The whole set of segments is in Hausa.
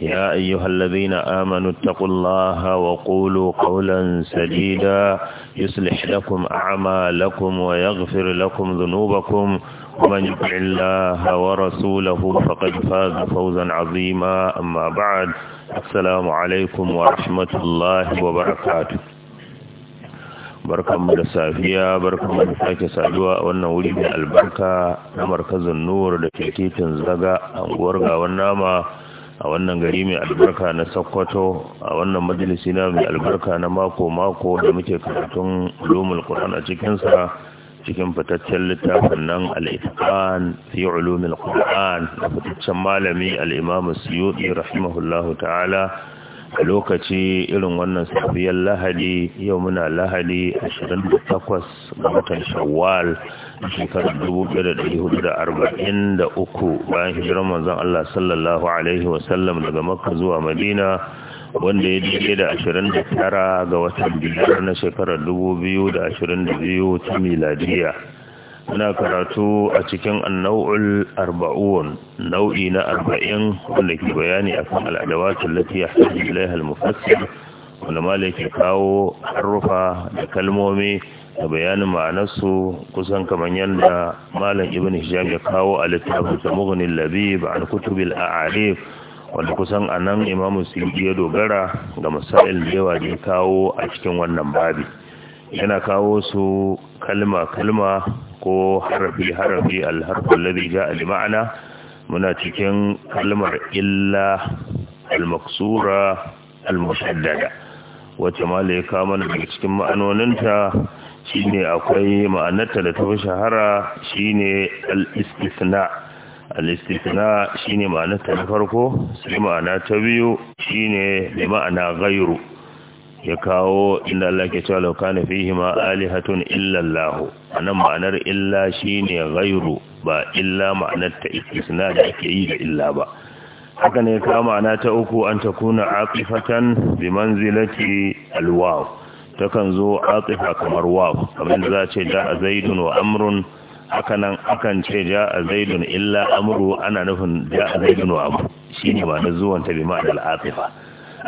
يا أيها الذين آمنوا اتقوا الله وقولوا قولا سديدا يصلح لكم أعمالكم ويغفر لكم ذنوبكم ومن يطع الله ورسوله فقد فاز فوزا عظيما أما بعد السلام عليكم ورحمة الله وبركاته barkanmu da safiya barkanmu da sake saduwa a wannan wuri mai albarka na markazin nur da ke titin zaga anguwar gawan nama a wannan gari mai albarka na Sokoto a wannan majalisi na mai albarka na mako-mako da muke karatun ulumul Qur'an a cikinsa cikin fitaccen littafin nan al-Itqan fi ulumul Qur'an da fitaccen malami al-Imam Suyuti rahimahullahu ta'ala a lokaci irin wannan safiyar Lahadi yau muna Lahadi 28 ga watan Shawwal a shekarar dubu ɗaya da ɗari hudu da arba'in da uku bayan hijirar manzon Allah sallallahu alaihi wasallam daga makka zuwa madina wanda ya daidai da ashirin da tara ga watan biyar na shekarar dubu biyu da ashirin da biyu ta miladiya muna karatu a cikin annau'ul arba'un nau'i na arba'in wanda ke bayani akan al'adawatul lati yahtaju ilaiha al-mufassir wanda malai ke kawo harufa da kalmomi da bayanin ma'anarsu kusan kamar yadda malam ibn hisham ya kawo a littafin ta mughnin labib an kutubil a'arif wanda kusan anan imamu sindi ya dogara ga masail da yawa da ya kawo a cikin wannan babi yana kawo su kalma kalma ko harafi harafi alharfin ladhi ja'a a ma'ana muna cikin kalmar illa al-maksura al-mushaddada wacce ma ya kawo mana daga cikin ma'anoninta shine akwai ma'anarta da ta fi shahara shine al-istisna al-istisna shine ma'anarta na farko sai ma'ana ta biyu shine da ma'ana gairu. ya kawo inda Allah ke cewa laukana fihi ma alihatun illa Allah anan ma'anar illa shine gairu, ba illa ma'anarta istisna da ake yi da illa ba haka ne ka ma'ana ta uku an takuna aqifatan bi manzilati al-waw ta kan zo atsifa kamar waw kamar da za ce da zaidun wa amrun haka nan akan ce ja a zaidun illa amuru ana nufin ja a zaidun wa amur shi ne ba na zuwan ta bima da al'atifa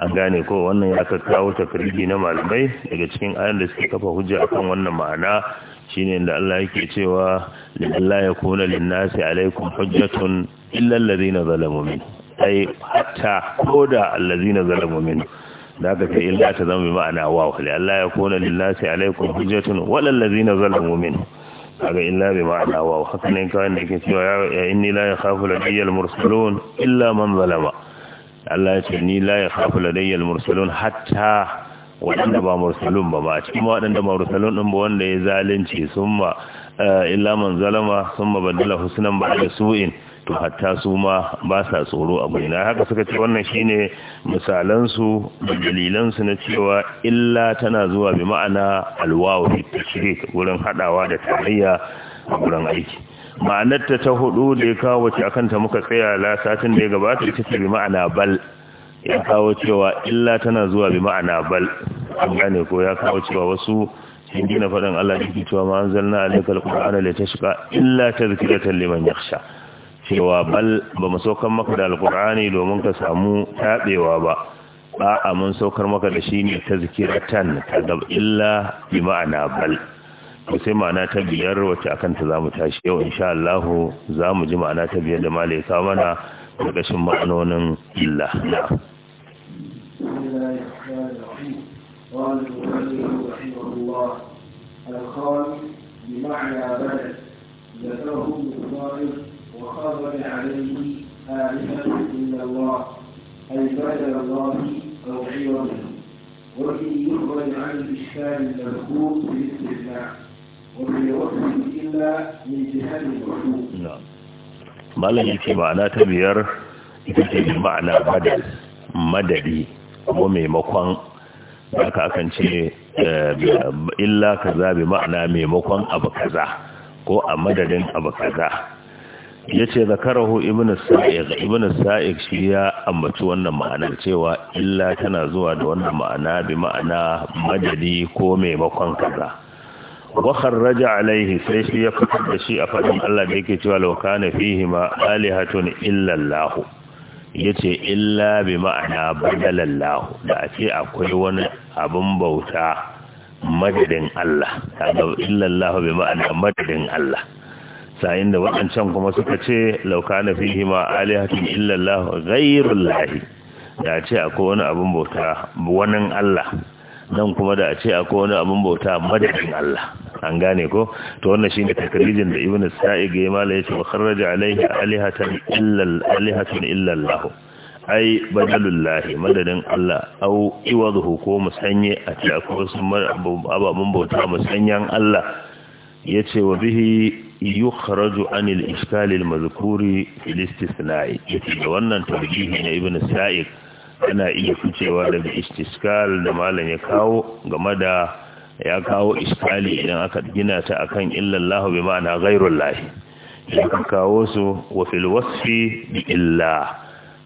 an gane ko wannan ya ka kawo takardi na malamai daga cikin ayan da suke kafa hujja akan wannan ma'ana shine da Allah yake cewa ya yakuna linnasi alaikum hujjatun illa allazina zalamu min ai hatta koda allazina zalamu min da aka ce illa ta zama ma'ana wa wali Allah ya kona lillahi alaikum hujjatun walal ladina zalamu min aga illa bi ma'ana wa haka ne kawai da yake cewa ya inni la yakhafu ladayya mursalun illa man zalama Allah ya ce ni la yakhafu ladayya mursalun hatta waɗanda ba mursalun ba ba cikin waɗanda ba mursalun din ba wanda ya zalunci summa eh, illa man zalama summa badala husnan da su'in to hatta su ma ba sa tsoro a na haka suka ce wannan shine misalansu da dalilansu na cewa illa tana zuwa bi ma'ana alwawu ta wurin hadawa da tarayya a wurin aiki ma'anarta ta hudu da ya kawo wace akan ta muka tsaya la satin da ya gabata ta ce bi ma'ana bal ya kawo cewa illa tana zuwa bi ma'ana bal an gane ko ya kawo cewa wasu hindi na faɗin Allah ya cewa ma anzalna alaikal ta shiga illa ta zikirar liman yakhsha cewa bal ba mu saukar maka da alkur'ani domin ka samu taɓewa ba ba a mun saukar maka da shi ne ta zikiratan ta gab illa bi ma'ana bal ko sai ma'ana ta biyar wacce akan ta zamu tashi yau insha Allah zamu ji ma'ana ta biyar da ka mana daga shin ma'anonin illa na قال بمعنى بدل ذكره المصارف وخرج عليه آلهة إلا الله أي بدل الله أو وفي يخرج عن الإشكال المذكور وفي إلا من جهة yake ma'ana ta biyar ita ce ma'ana madadi ko maimakon akan ce illa kaza bi ma'ana maimakon abu kaza ko a madadin abu kaza ya ce zakarahu ibn sa'id ibn sa'id shi ya ambaci wannan ma'anar cewa illa tana zuwa da wannan ma'ana bi ma'ana madadi ko maimakon kaza wa kharraja alaihi sai shi ya fitar da shi a fadin Allah da yake cewa law kana fihi ma alihatun illa Allah yace illa bi ma'ana badal Allah da ake akwai wani abun bauta madadin Allah kaga illa Allah bi ma'ana madadin Allah sayin da waɗancan kuma suka ce laukana fihima fi hima alihatun illallah ghairul lahi da ce akwai wani abin bauta wani Allah nan kuma da a ce akwai wani abin bauta madadin Allah an gane ko to wannan shine takrijin da ibnu sa'id ya mala yace wa kharraja alaihi alihatan illal illallah ai badalullahi madadin Allah au iwadhu ko musanye a ce akwai wasu ababen bauta musanyan Allah yace wa bihi yukhraju anil iskal mazkuri fil istisna'i da wannan tarjihi na ibn sa'id ana iya ficewa daga istiskal da malam ya kawo game da ya kawo iskali idan aka gina ta akan illan bi ma'ana ghairul lahi ya kawo su wa fil wasfi bi illa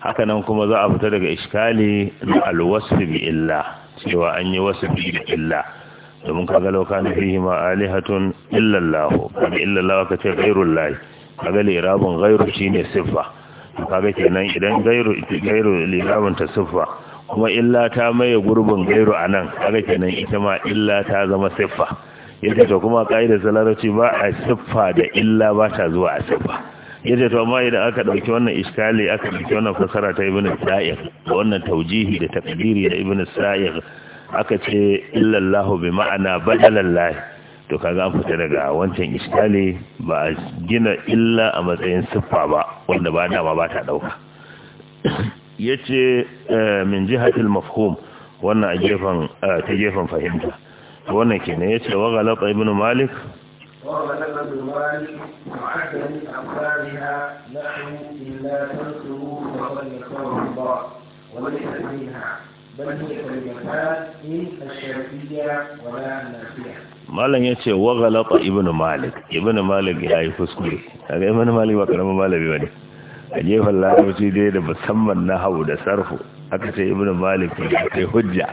haka nan kuma za a fita daga iskali na al wasfi bi illa cewa an yi wasfi bi illa domin kaga lauka na fihi ma alihatun illallahu kaga illallahu ka ce ghairul lahi kaga lirabun gairu shine siffa kaga kenan idan ghairu ghairu lirabun ta siffa kuma illa ta maye gurbin gairu anan kaga kenan ita ma illa ta zama siffa yace to kuma kaida salarati ba a siffa da illa ba ta zuwa a siffa yace to amma idan aka dauki wannan iskali aka dauki wannan fasara ta ibnu sa'ir da wannan taujihi da takdiri da ibnu sa'ir aka ce illallahu bi ma'ana badalallahi to kaga an fita daga wancan iskali ba a gina illa a matsayin siffa ba wanda ba dama ba ta dauka yace eh, min jihatil mafhum wannan a gefen eh, ta gefen fahimta wannan kenan yace wa galata ibnu malik وغلق بالوالد وعدم أمثالها نحو إلا تنصروا فقد نصره الله وليس منها malam ya ce wa galata ibn malik ibn malik ya yi fuskure kaga ibn malik ba karamin Malabi ba ne a jefan larabci dai da musamman na hau da sarfu aka ce ibn malik ya kai hujja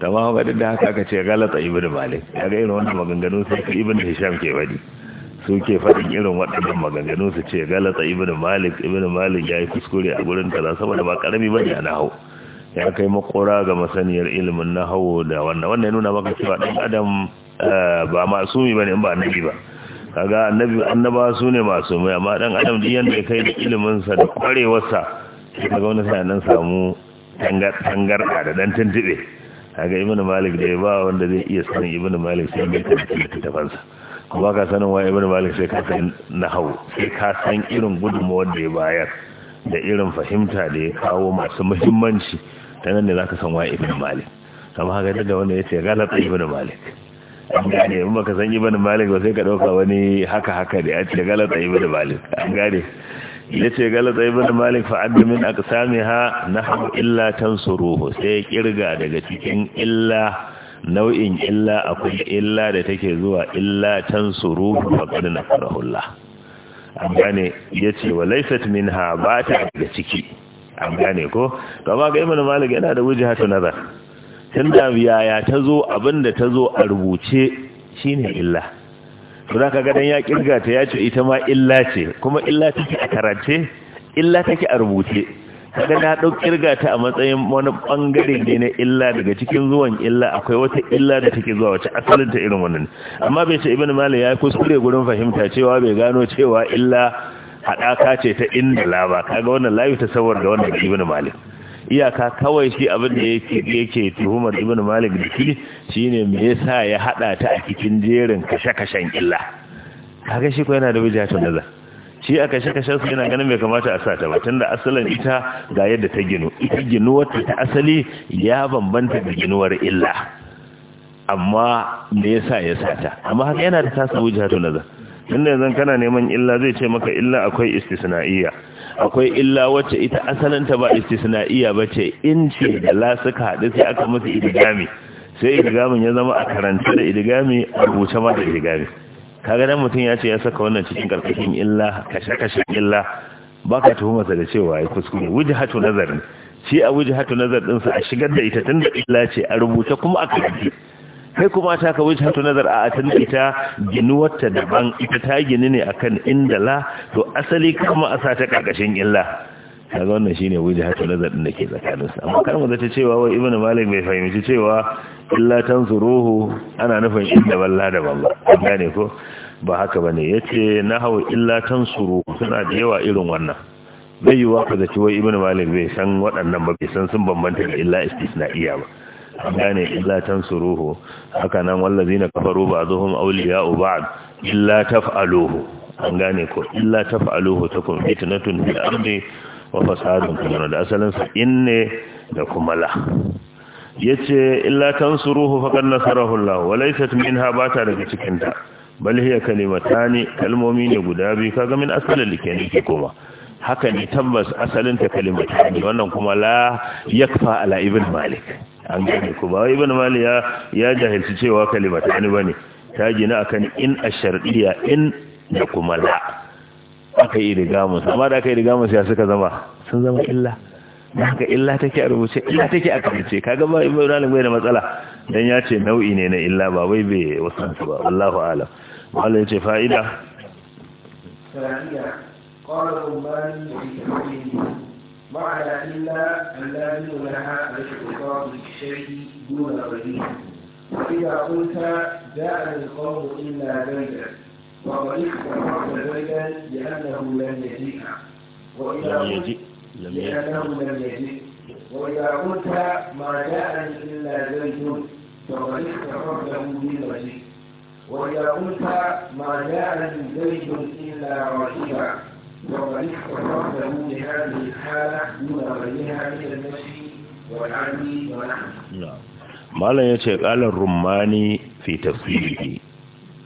tamam gaɗin da haka aka ce galata ibn malik ga irin wanda maganganu sai ibn hisham ke bari su ke faɗin irin waɗannan maganganu su ce galata ibn malik ibn malik ya yi fuskure a gurin kaza saboda ba karami ne a hau. ya kai makora ga masaniyar ilimin na hawo da wannan wannan ya nuna maka cewa ɗan adam eh, ba masumi ba in ba annabi ba kaga annabi annaba su ne masumi amma ɗan adam duk yanda ya kai da ilimin sa da ƙwarewarsa ya ga wani sai nan samu tangar tangar da dan tuntube kaga ibnu malik da ba wanda zai iya sanin ibnu malik sai mai ta fansa kuma ka sanin wa ibnu malik sai ka san nahawu sai ka san irin gudunmawar da ya bayar da irin fahimta da ya kawo masu muhimmanci ta nan ne za ka san wa ibn malik kamar haka da wanda ya ce galata ibn malik an gane in baka san ibn malik ba sai ka dauka wani haka haka da ya ce galata ibn malik an gane ya ce galata ibn malik fa adda min aqsamiha nahnu illa tansuruhu sai kirga daga cikin illa nau'in illa akwai illa da take zuwa illa tansuruhu faqad nakarahullah an gane ya ce wa laysat minha ba ta daga ciki an gane ko to amma ga imanu malik yana da wujhatu nazar tun da yaya ta zo abin ta zo a rubuce shine illa to za ka dan ya kirga ta ya ce ita ma illa ce kuma illa take a karance illa take a rubuce kaga na ɗau kirga ta a matsayin wani ɓangare ne na illa daga cikin zuwan illa akwai wata illa da take zuwa wace asalin ta irin wannan amma bai ce ibn malik ya kuskure gurin fahimta cewa bai gano cewa illa haɗaka ce ta inda laba kaga wannan layu ta da wannan ibn malik iyaka kawai shi abin da yake tuhumar ibn malik da shi shine me yasa ya hada ta a cikin jerin kashe-kashen illa kaga shi ko yana da wijatun nazar shi a kashe-kashen su yana ganin bai kamata a sa ta ba tunda asalin ita ga yadda ta ginu ita ginuwar ta asali ya bambanta da ginuwar illa amma me yasa ya sa ta amma haka yana da tasa wijatun nazar tunda yanzu kana neman illa zai ce maka illa akwai istisna'iyya akwai illa wacce ita asalin ta ba istisna'iyya bace in ce da la suka haɗu sai aka musu idigami sai idigamin ya zama a karanta da idigami a rubuce ma da idigami kaga dan mutum ya ce ya saka wannan cikin karkashin illa kashe kashe illa baka tuhuma da cewa ya kuskure wujhatu nazarin shi a wujhatu nazar din sa a shigar da ita tunda illa ce a rubuce kuma a karanta kai kuma ta kawai ta hatu nazar a atan ita ginuwarta daban ita ta gini ne akan indala to asali kuma a sa ta karkashin illa kaga wannan shine wuji hatu nazar din da ke tsakaninsu amma kar mu zata cewa wai ibnu malik bai fahimci cewa illa tanzuruhu ana nufin inda balla da balla gane ko ba haka bane yace nahawu illa tansuru suna da yawa irin wannan bai yiwa ka zaci wai ibnu malik bai san waɗannan ba bai san sun bambanta da illa istisna'iya ba an gane illa tansuruhu haka nan wallazina kafaru ba'dhum awliya'u ba'd illa taf'aluhu an gane ko illa taf'aluhu takum fitnatun fil ardi wa fasadun fil da asalin sa inne da kuma la yace illa tansuruhu faqad nasarahu Allah wa laysat minha bata daga cikin ta bal hiya kalimatani kalmomi ne guda biyu kaga min asalin likeni ke kuma haka ne tabbas asalin ta kalimata ne wannan kuma la yakfa ala ibn malik an gane ku ba ibn malik ya ya jahilci cewa kalimata ne bane ta gina akan in ashardiya in da kuma la aka yi riga mu amma da aka yi riga musu ya suka zama sun zama illa da haka illa take a rubuce illa take a kamace kaga ba ibn malik bai da matsala dan ya ce nau'i ne na illa ba wai bai wasan ba wallahu a'lam wallahi ce fa'ida قال الرماني في تحريمه مع إلا أن لا يمنع عن اعتقاد الشيء دون غيره وإذا قلت جاء القوم إلا بيتا وقد اخترت بيتا لأنه لم يجئها وإذا قلت لأنه لم يجئ وإذا قلت ما جاءني إلا زيد فقد اخترته بالمجيء وإذا قلت ما جاءني زيد إلا رجلا وقد له بهذه الحالة malam ya ce ƙalar rumani fi tafsiri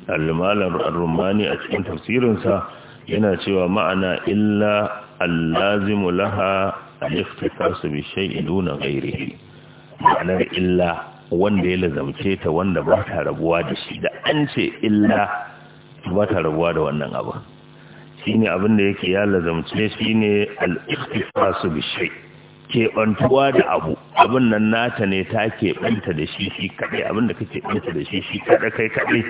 al Malam rumani a cikin tafsirinsa yana cewa ma'ana illa allazimu laha al-ikhtisasu bi shay'in duna ghayrihi ma'anar illa wanda ya lazamce ta wanda ba ta rabuwa da shi da an ce illa ba ta rabuwa da wannan abu shine abin da yake ya lazamce shine al-ikhtisasu bi shay keɓantuwa da abu abin nan nata ne ta keɓanta da shi shi kaɗai abin da kake ɓanta da shi shi kaɗai kai kaɗai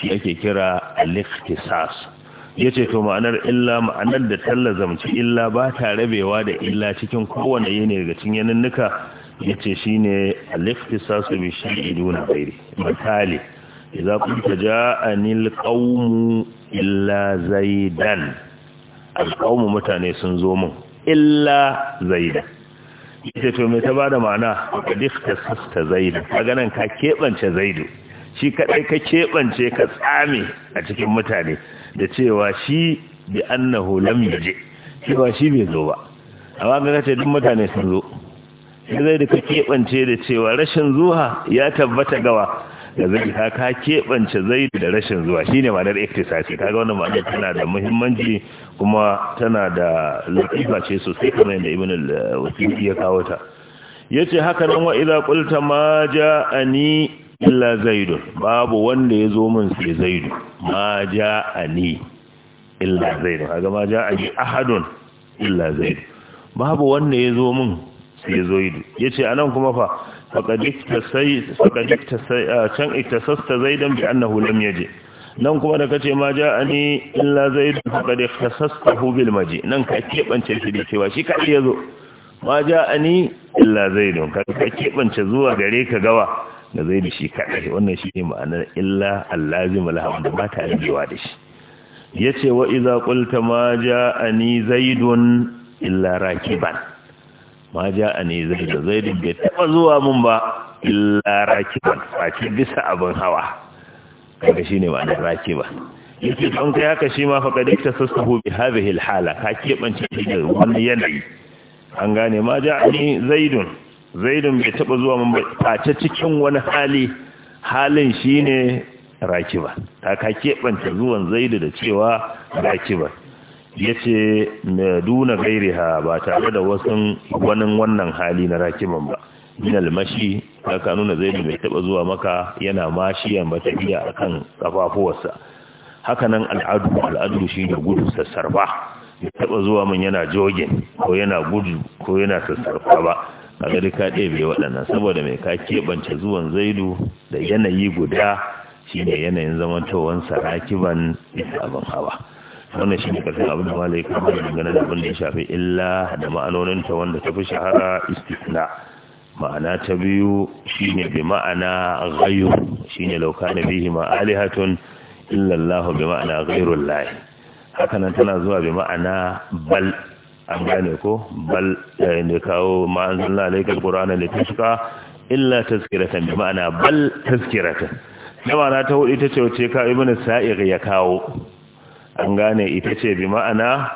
shi ake kira al-ikhtisas yace to ma'anar illa ma'anar da tallazamci illa ba ta rabewa da illa cikin kowane ne daga cinye nuka yace shine al-ikhtisas bi shay'in duna ghairi misali idza qulta ja'anil qawmu illa zaidan alqawmu mutane sun zo mun illa zaidan ita to me ta bada ma'ana kadikta sasta zaidu kaga nan ka kebance zaidu shi kadai ka kebance ka tsame a cikin mutane da cewa shi bi annahu lam yaji cewa shi bai zo ba amma ga ce duk mutane sun zo zaidu ka kebance da cewa rashin zuha ya tabbata gawa da zai ta ka keɓance zai da rashin zuwa shine ma'anar ta ga wannan ma'anar tana da muhimmanci kuma tana da latifa ce sosai kamar yadda ibn al-wasiti ya kawo ta yace haka nan wa idza qulta ma ja'ani illa zaidun babu wanda ya zo min sai zaidu ma ja'ani illa zaidun kaga ma ja'ani ahadun illa zaidu babu wanda ya zo min sai zaidu yace anan kuma fa can iktasasta zaidan bi annahu lam yaji nan kuma da kace ma ja ani illa zaid faqad iktasastahu bil maji nan ka keɓance shi da cewa shi kadai zo. ma ja ani illa zaid ka keɓance zuwa gare ka gawa da zaid shi kadai wannan shi ne ma'anar illa allazim lahu da ba ta rigewa da shi yace wa idza qulta ma ja ani zaidun illa rakiban ma ja a ne zai da zai bai taɓa zuwa mun ba illa rakiban face bisa abin hawa kaga shi ne ma'anar ba yake don kai haka shi ma faɗa duk ta hobi bi hilhala ka keɓance shi da wani yanayi an gane ma ja a ne zaidun zaidun bai taɓa zuwa mun ba face cikin wani hali halin shi shine rakiba ta ka keɓance zuwan zaidu da cewa ba ya ce duna gairiha ba tare da wasu wani wannan hali na rakiman ba min almashi ta ka nuna zai mai taba zuwa maka yana mashiyan ba tafiya a kan kafafuwarsa hakanan al'adu al'adu shi da gudu sassarfa ya taba zuwa min yana jogin ko yana gudu ko yana sassarfa ba a gari ka ɗebe waɗannan saboda mai ka keɓance zuwan zaidu da yanayi guda shi ne yanayin zamantowansa rakiban abin hawa wannan shi ne ƙarshen abin da malai kama da dangane da abin da ya shafi illa da ma'anoninta wanda ta fi shahara istisna ma'ana ta biyu shi ne bi ma'ana ghayu shi ne lauka na bihi ma'alihatun illallahu bi ma'ana ghairun layi hakanan tana zuwa bi ma'ana bal an gane ko bal da kawo ma'anzan lalaikar ƙuranar da tuska illa taskiratan bi ma'ana bal taskiratan da ma'ana ta hudu ita ce wace ka ibn sa'ir ya kawo an gane ita ce bi ma'ana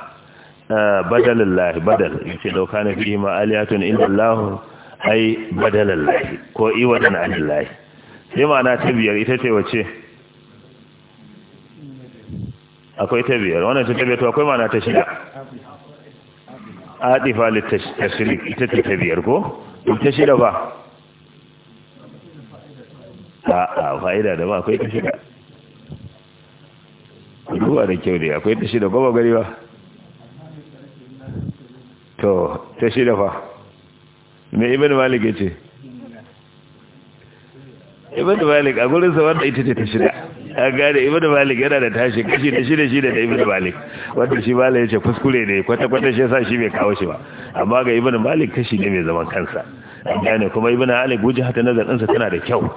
eh, badalin lahi badal ce dauka na fi ma'aliyatun inda lahu ai badalin lahi ko iwadan anin lahi sai ma'ana ta biyar ita ce wace akwai ta biyar wannan ta biyar to akwai ma'ana ta shida adifa littashrik ita ce ta biyar ko ta shida ba a fa'ida da ba akwai ta shida duba da kyau dai akwai ta da ko gari ba to ta da fa me ibn malik ya ce ibn malik a gurinsa wanda ita ce ta da a gane ibn malik yana da tashi kashi da shida shida da ibn malik wanda shi malik ya ce kuskure ne kwata-kwata shi sa shi bai kawo shi ba amma ga ibn malik kashi ne mai zaman kansa gane kuma ibn malik wuce hata nazarinsa tana da kyau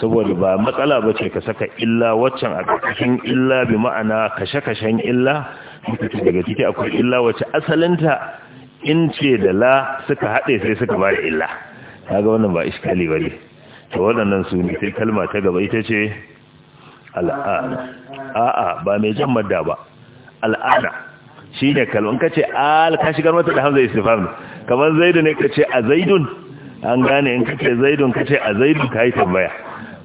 saboda ba matsala ba ce ka saka illa waccan a ƙarƙashin illa bi ma'ana kashe-kashen illa daga ciki akwai illa wacce asalinta in ce da la suka haɗe sai suka ba da illa ga wannan ba iskali ba ne to waɗannan su ne sai kalma ta gaba ita ce al'ana a'a ba mai jan madda ba al'ana shi ne kalmar ka ce al ka shigar mata da hamza istifam kamar zaidu ne ka ce a zaidun an gane in ka ce zaidun ka ce a zaidun ka yi tambaya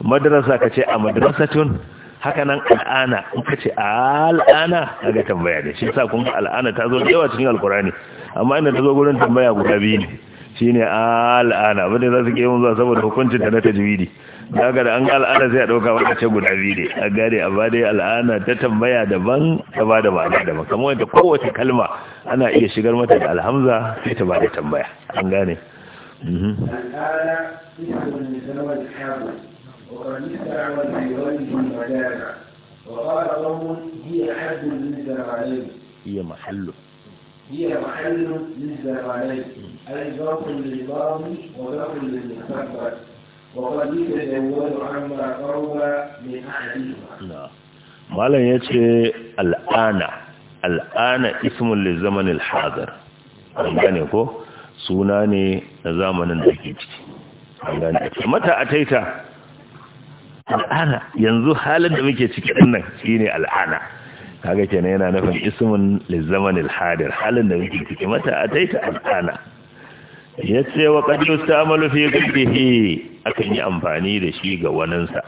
madrasa ka ce a madrasatun haka nan al'ana in ka ce al'ana daga tambaya ne shi sa kuma al'ana ta zo da yawa cikin alkurani amma inda ta zo gurin tambaya guda biyu ne shine al'ana wadda za su ke yin zuwa saboda hukuncin ta na tajwidi daga da an ga al'ana sai a dauka wata ce guda biyu ne a gane a ba dai al'ana ta tambaya daban ta ba da ma'ana daban kamar wanda kowace kalma ana iya shigar mata da alhamza sai ta ba da tambaya an gane mhm. al'ana وقد استعمل في وجه وقال قوم هي حد للزرعين هي محله هي محل للزرعين أي ظرف للظالم وظرف للمستقبل وقد يتجول عما قرب من أحدهما malam ya ce al'ana al'ana ismun li zamanin hadar an gane ko suna ne na zamanin da ke ciki mata a taita al'ana yanzu halin da muke ciki din nan shine al'ana kaga kenan yana nufin ismun lizaman hadir halin da muke ciki mata a taita al'ana yace wa qad yustamalu fi ghayrihi akan yi amfani da shi ga waninsa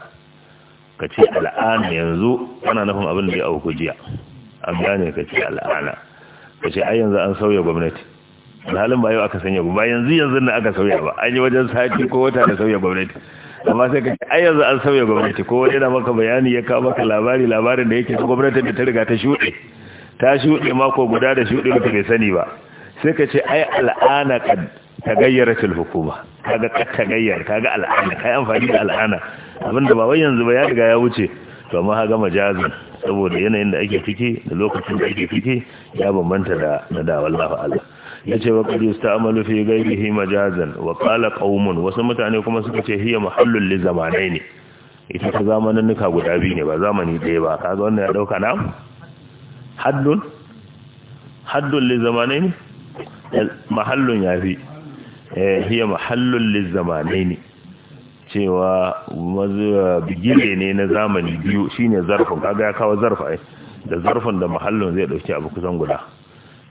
kace al'ana yanzu ana nufin abin da ya auku jiya an gane kace al'ana kace ai yanzu an sauya gwamnati halin ba yau aka sanya ba yanzu yanzu ne aka sauya ba an yi wajen sati ko wata da sauya gwamnati amma sai ka ce ai yanzu an sauya gwamnati ko wani yana maka bayani ya kawo maka labari labarin da yake gwamnatin da ta riga ta shuɗe ta shuɗe mako guda da shuɗe mutum bai sani ba sai ka ce ai al'ana kad tagayyaratul hukuma kaga kad tagayyar kaga al'ana kai amfani da al'ana abinda ba wai yanzu ba ya riga ya wuce to amma haga majazin saboda yanayin da ake fiki da lokacin da ake fiki ya bambanta da da wallahi Allah yace wa qad yusta'malu fi ghayrihi majazan wa qala qaumun wasu mutane kuma suka ce hiya mahallul li zamanaini ita ta zamanin nuka guda biyu ne ba zamani ɗaya ba kaga wannan ya dauka na haddun haddun li zamanaini eh, mahallun fi eh hiya mahallul li zamanaini cewa bigire ne na zamani biyu shine zarfin kaga ya kawo zarfa eh. da zarfin da mahallun zai dauki abu kusan guda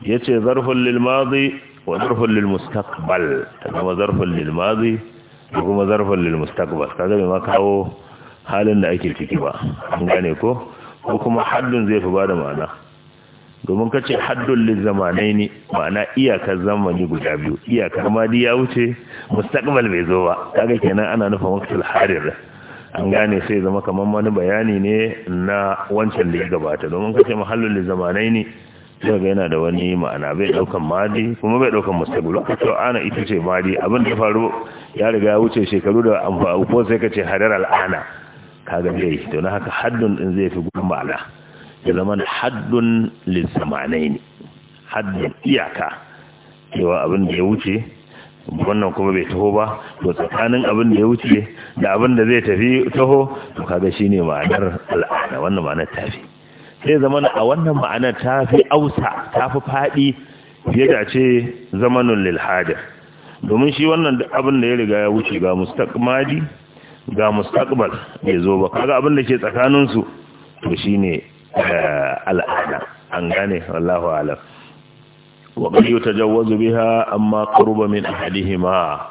yace zarfun lil madi wa zarfun lil mustaqbal zama zarfun lil madi kuma zarfun lil mustaqbal kaga bai ma kawo halin da ake ciki ba an gane ko ko kuma haddun zai fi da ma'ana domin ka ce haddun lil zamanaini ma'ana iyakar zamani guda biyu iyakar madi ya wuce mustaqbal bai zo ba kaga kenan ana nufin waqtul harir an gane sai zama kamar wani bayani ne na wancan da ya gabata domin ka ce mahallul zamanai ne sai ga yana da wani ma'ana bai daukan madi kuma bai daukan mustaqbil to ana ita ce madi abin da faru ya riga ya wuce shekaru da amfa ko sai ka ce hadar al'ana kaga dai to na haka haddun din zai fi gurbin ma'ana ya zama haddun lissamanai zamanaini haddun iyaka cewa abin da ya wuce wannan kuma bai taho ba to tsakanin abin da ya wuce da abin da zai tafi taho to kaga shine ma'anar al'ana wannan ma'anar tafi sai zamanin a wannan ma'ana ta fi ausa ta fi faɗi fiye da ce zamanin lilhajar domin shi wannan abin da ya riga ya wuce ga mustaqmadi ga mustaqbal ya zo ba kaga abin da ke tsakaninsu to shine eh, al'ada an gane wallahu alam wa qad yutajawwazu biha amma qurba min ahadihima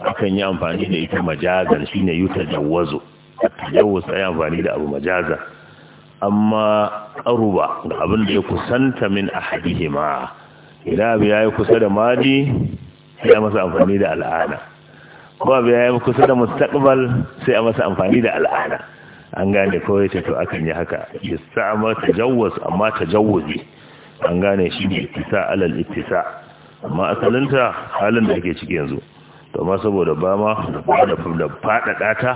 akan yi amfani da ita majazan shine yutajawwazu tajawuz sai amfani da abu majazan amma ƙaruba ga abin da ya kusanta min a ma idan abu ya yi kusa da madi sai a masa amfani da al'ada ko abu ya yi kusa da mustaqbal sai a masa amfani da al'ada an gane kawai ce to akan yi haka ista'ama tajawuz amma tajawuzi an gane shi ne ittisa alal ittisa amma asalinta halin da ake ciki yanzu to ma saboda ba ma da faɗaɗa ta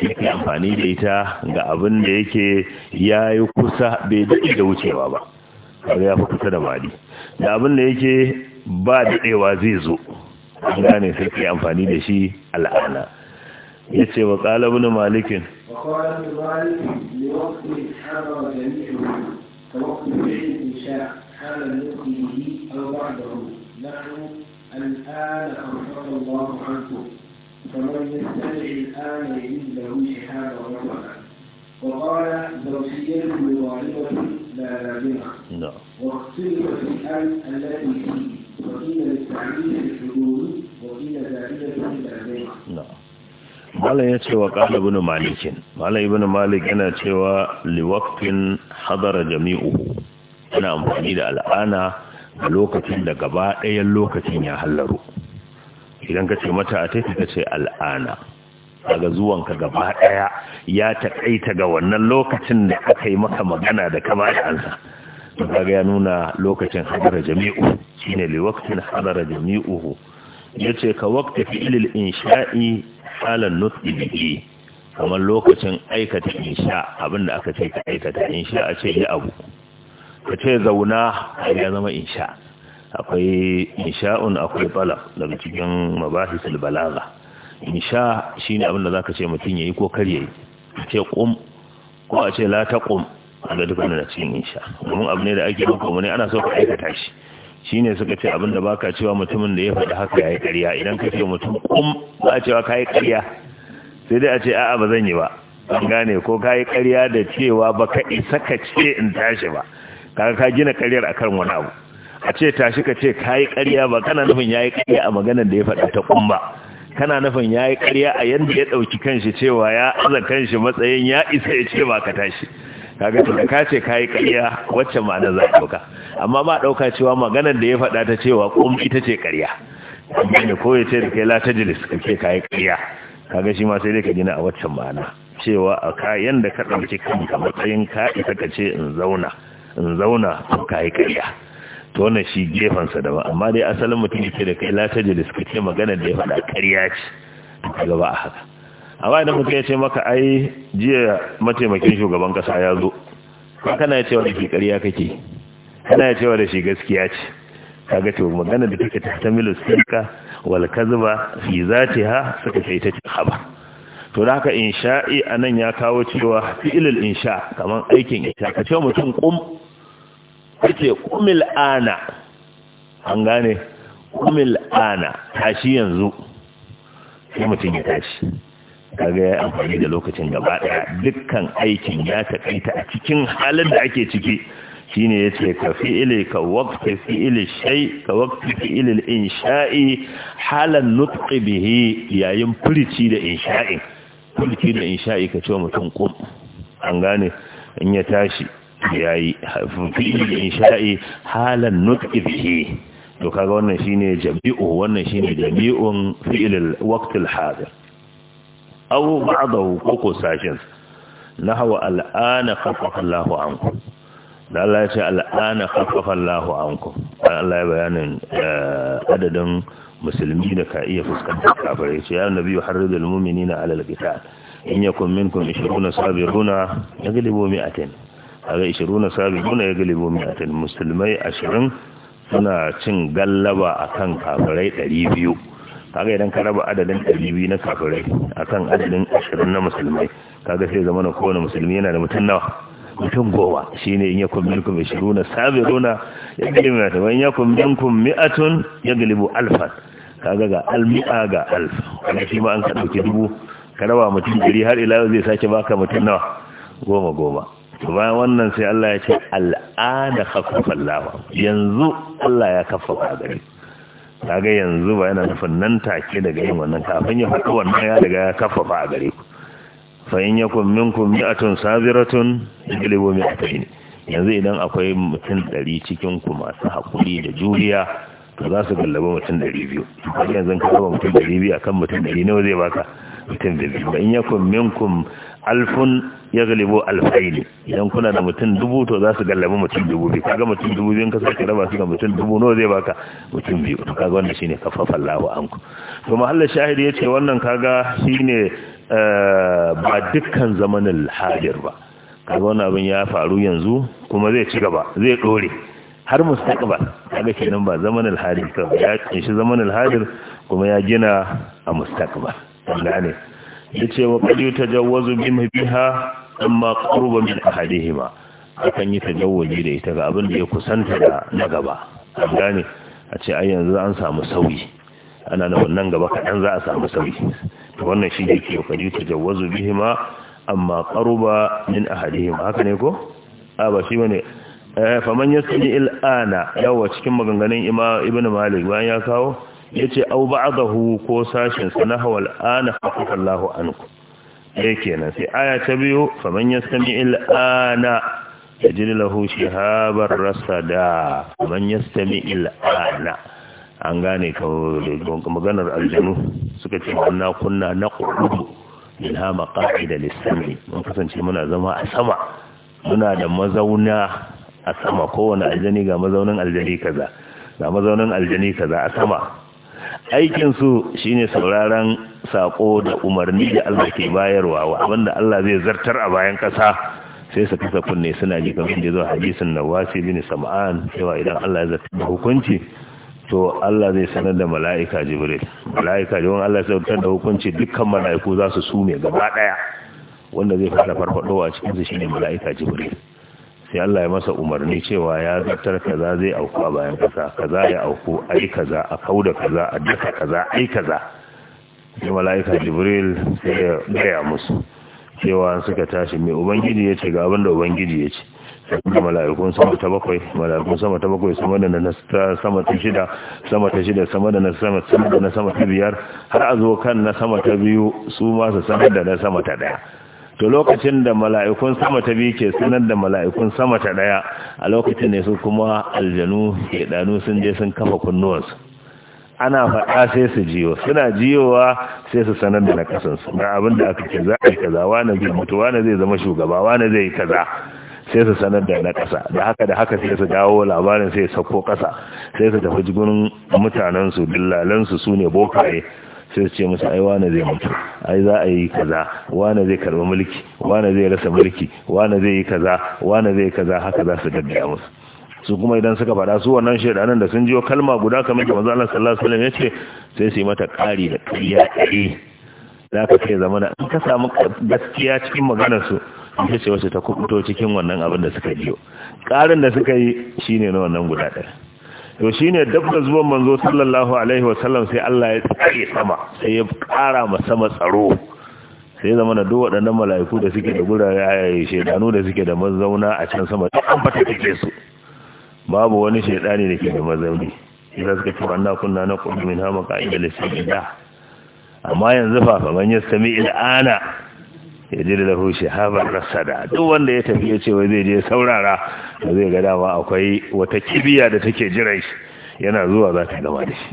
sai amfani da ita ga abin da yake ya yi kusa bai daɗe da wucewa ba wani ya fi kusa da mali da abin da yake ba daɗewa zai zo an gane sai ke amfani da shi al'ana ya ce wa ƙalabin malikin توقف العلم إن شاء حال الله عنكم فمن يستدعي الآن يجد شهادة شهابا ربما وقال زوجية مضاربة لا لازمة واختلف في الآن التي فيه وقيل للتعبير الحدود وقيل زائدة لازمة Malam ya ce wa ƙala bin Malikin, Malam ibn Malik yana cewa liwakfin hadara jami'u yana amfani da al'ana a lokacin da gaba ɗayan lokacin ya hallaru. idan ka ce mata a taifi ka ce al'ana daga zuwanka gaba ɗaya ya taƙaita ga wannan lokacin da aka yi maka magana da kama da ansa to ya nuna lokacin hadara jami'u shine li waqtin hadara Ya ce ka ilil fi'lil insha'i salon nutqi bihi kamar lokacin aikata insha abinda aka ce ka aikata insha a ce yi abu ka ce zauna ya zama insha akwai insha'un akwai talab daga cikin mabahisul balaga insha shine abin da zaka ce mutun yayi ko kar yayi ce qum ko a ce la taqum daga dukkanin da cikin insha domin abu ne da ake yi mu ne ana so ka aikata shi shine suka ce abin da baka cewa mutumin da ya faɗi haka yayi ƙarya idan ka ce mutum qum ba a cewa kai ƙarya sai dai a ce a'a ba zan yi ba an gane ko kai ƙarya da cewa baka isa ka ce in tashi ba kaga ka gina ƙaryar akan wani abu a ce tashi ka ce kayi ƙarya ba kana nufin yayi ƙarya a maganar da ya faɗa ta kumba kana nufin yayi ƙarya a yanda ya ɗauki kanshi cewa ya aza kanshi matsayin ya isa ya ce ba ka tashi kaga to da ka ce kayi ƙarya wacce ma'ana za a ɗauka amma ba ɗauka cewa maganar da ya faɗa ta cewa kum ita ce ƙarya ne ko ya ce da kai la tajlis ka ce kayi ƙarya kaga shi ma sai dai ka gina a wacce ma'ana cewa a kayan da ka ɗauki kanka matsayin ka isa ka ce in zauna in zauna to kayi ƙarya to wannan shi gefansa daban amma dai asalin mutum yake da kai la tajlis ka ce magana da ya faɗa ƙarya ce kaga ba a haka amma idan mutum ya ce maka ai jiya mataimakin shugaban kasa ya zo kana na cewa da shi ƙarya kake kana cewa da shi gaskiya ce kaga to magana da take ta milu sirka wal kazba fi zatiha suka ce ta ce khabar to da haka insha'i anan ya kawo cewa fi'il insha kaman aikin insha ka ce mutum kum yace kumil ana an gane kumil ana tashi yanzu sai mutum ya tashi kaga ya amfani da lokacin gaba daya dukkan aikin ya takaita a cikin halin da ake ciki shine ce ka fi ili ka fi fi'ili shai ka waqti fi'ili insha'i halan nutqi bihi yayin furici da insha'i furici da insha'i ka ce mutum kum an gane in ya tashi yayi fi'il insha'i halan nutqi to kaga wannan shine jami'u wannan shine jami'un fi'il al-waqt al-hadir aw ba'dahu koko sashin nahwa al-ana khaffafa Allahu anku da Allah ya ce al-ana khaffafa Allahu anku Allah ya bayanin eh, adadin musulmi da ka iya fuskantar ya ce ya nabi harridul mu'minina ala al-qital in yakun minkum 20 sabiruna yaglibu mi'atan kaga 20 sabiquna yaglibu mi'atan musulmai 20 suna cin gallaba a kan kafirai 200 kaga idan ka raba adadin 200 na kafirai kan adadin 20 na musulmai kaga sai zamana kowane musulmi yana da mutum nawa mutum goma shine in yakun sabi 20 sabiruna yaglibu mi'atan wa in yakun minkum mi'atun yaglibu alfa kaga ga almi'a ga alfa kana shi ma an ka dauki dubu ka raba mutum 100 har ila zai sake baka mutum nawa goma goma bayan wannan sai Allah ya ce al'ada khaffafa Allah yanzu Allah ya khaffafa gare ga yanzu ba yana nufin nan take daga yin wannan kafin ya faɗi wannan ya daga ya khaffafa a gare ku fa in min kun mi'atun sabiratun yaglibu mi'atayn yanzu idan akwai mutum ɗari cikin ku masu haƙuri da juriya to za su gallaba mutum ɗari biyu har yanzu ka raba mutum ɗari biyu akan mutum ɗari nawa zai baka mutum biyu ba in min kun alfun ya galibo alfaili idan kuna da mutum dubu to za su gallabi mutum dubu biyu kaga mutum dubu biyu ka sake raba su ga mutum dubu nawa zai baka mutum biyu to kaga wannan shine kafafa Allahu anku to mahallin shahidi yace wannan kaga shine eh, ba dukkan zamanin hadir ba kaga wannan abin ya faru yanzu kuma zai ci gaba zai dore har mustaqbal kaga kenan ba zamanin hadir ba ya kunshi zamanin hadir kuma ya gina a mustaqbal gane yace wa qad yutajawwazu biha amma qaruba min ahadihima akan yi tajawwaji da ita ga abin da ya kusanta da na gaba an gane a ce ai yanzu an samu sauyi ana da wannan gaba kaɗan za a samu sauyi to wannan shi ne ke qad bihi ma amma qaruba min ahadihima haka ne ko a ba shi bane eh, faman yasmi il'ana yawa cikin maganganun ibnu malik bayan ya kawo yace au ba'dahu ko sashen sa na hawal ana ku ya ke nan sai aya ta biyu faman il'ana ana yajid lahu rasa da faman sami il'ana an gane kawo maganar aljanu suka ce na kunna na qulu ilha maqaida mun kasance muna zama a sama muna da mazauna a sama kowane aljani ga mazaunin aljani kaza ga mazaunin aljani kaza a sama Aikin su shine sauraron sako da umarni da Allah ke bayarwa wa abinda Allah zai zartar a bayan kasa sai su kasa kunne suna ji kamar da zuwa hadisin na wasi bin sam'an cewa idan Allah ya zartar da hukunci to Allah zai sanar da mala'ika jibril mala'ika jibril Allah ya zartar da hukunci dukkan mala'iku za su sume gaba daya wanda zai fara farfadowa cikin su shine mala'ika jibril sai Allah ya masa umarni cewa ya zartar kaza zai auku a bayan kasa kaza ya auku ai kaza a kauda kaza a duka kaza ai kaza sai mala'ika jibril sai ya gaya musu cewa suka tashi mai ubangiji ya ce ga abin da ubangiji ya ce sai mala'ikun sama ta bakwai mala'ikun sama ta bakwai sama da na sama ta shida sama ta shida sama da na sama sama da na sama ta biyar har a zo kan na sama ta biyu su ma su sanar da na sama ta daya to lokacin da mala'ikun sama ta biyu ke sanar da mala'ikun sama ta ɗaya a lokacin ne su kuma aljanu ke ɗanu sun je sun kafa kunnuwansu ana faɗa sai su jiyo suna jiyowa sai su sanar da na kasansu na abin da aka ce za a yi kaza wane zai mutu wane zai zama shugaba wane zai yi kaza sai su sanar da na ƙasa da haka da haka sai su dawo labarin sai sauko ƙasa sai su tafi gurin mutanensu dillalansu su ne bokaye sai ce musu ai wane zai mutu ai za a yi kaza wane zai karbi mulki wane zai rasa mulki wane zai yi kaza wane zai kaza haka za su gaddaya musu su kuma idan suka faɗa su wannan shaidanan da sun jiyo kalma guda kamar da manzo Allah sallallahu alaihi wasallam yace sai su yi mata ƙari da ƙarya ƙari za ka kai zamana an ka samu gaskiya cikin maganar su ita ce wacce ta kubuto cikin wannan abin da suka jiyo ƙarin da suka yi shine na wannan guda ɗaya to shine dab da zuwan manzo sallallahu alaihi wasallam sai Allah ya tsare sama sai ya kara ma sama tsaro sai zama na duk waɗannan mala'iku da suke da gurare ayaye eh, shedanu da suke da mazauna a can sama an fata take su babu wani shedani da ke da mazauni idan suka ci wannan kunna na qul min hama qa'ida amma yanzu fa fa man yastami il'ana ya ji da lahu shahabar rasada duk wanda ya tafi ya ce wai zai je saurara da zai ga dama akwai wata kibiya da take jiran shi yana zuwa za ta gama da shi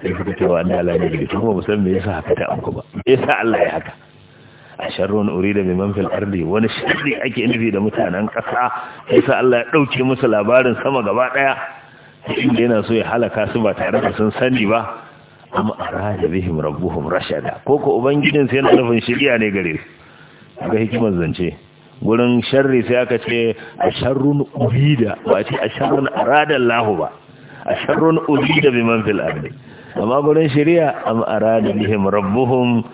sai suka ce wa an dala ne to ba musamman me yasa haka ta amku ba me yasa Allah ya haka a sharron uri da man fil ardi wani shirri ake nufi da mutanen kasa yasa Allah ya ɗauke musu labarin sama gaba ɗaya inda yana so ya halaka su ba tare da sun sani ba amma arada bihim rabbuhum rashada ko ko ubangijin sai yana nufin shiriya ne gare su ga hikimar zance gurin sharri sai aka ce a sharrun urida ba ce a sharrun aradar lahu ba a sharrun urida bi man fil ardi amma gurin shari'a am arada bihim rabbuhum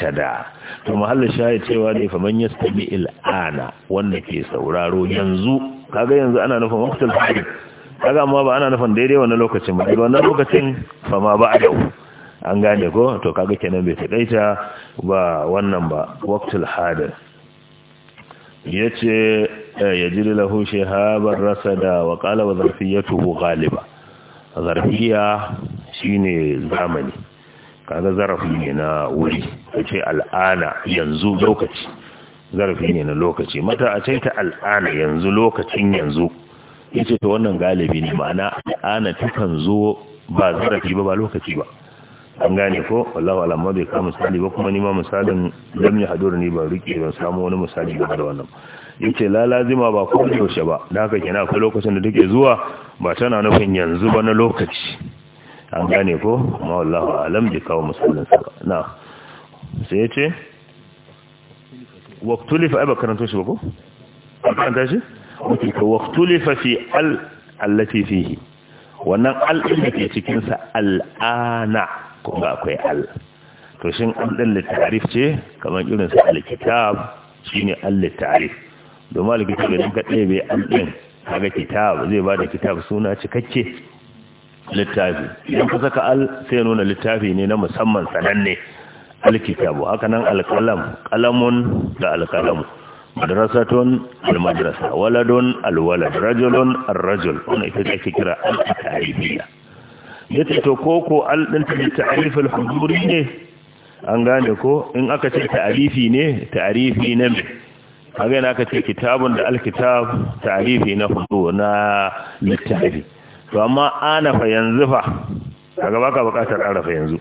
shada to mahallu shayi cewa ne fa man sami il ana wanda ke sauraro yanzu kaga yanzu ana nufin waqtul fajr kaga amma ba ana nufin daidai wannan lokacin ba daga wannan lokacin fa ma ba a yau an gane ko to kaga kenan bai taƙaita ba wannan ba waqtul hadir yace eh, yajidu lahu shihaban rasada wa qala wa zarfiyatu ghaliba zarfiya shine zamani kaga zarafi ne na wuri yace al'ana yanzu lokaci zarfi ne na lokaci mata a ce ta al'ana yanzu lokacin yanzu yace to wannan galibi ne ma'ana al'ana tukan zo ba zarafi ba ba lokaci ba an gane ko wallahu alam bai ka misali ba kuma nima misalin lam ya hadur ni ba rike ban samu wani misali game da wannan yace la lazima ba ko yaushe ba da haka kenan akwai lokacin da take zuwa ba tana nufin yanzu ba na lokaci an gane ko ma wallahu alam bai kawo misalin sa na sai yace waqtulifa aba karanto shi ba ko karanta shi waqtulifa fi al allati fihi wannan al ke cikin sa al'ana kuma akwai al to shin an ɗan ce kamar irin su alkitab shine al littarif domin alkitab idan ka ɗebe al din kaga kitab zai bada kitab suna cikakke littafi idan ka saka al sai nuna littafi ne na musamman sananne alkitabu haka nan alkalam qalamun da alkalamu madrasatun almadrasa waladun alwalad rajulun arrajul wannan ita ce kira al ya ce to ko ko alɗinta da ta'arifin huduri ne an gane ko in aka ce ta'arifi ne ta'arifi ne mai hagan aka ce kitabun da alkitab ta'arifi na hudu na littafi to amma ana fa yanzu fa kaga baka bukatar arafa yanzu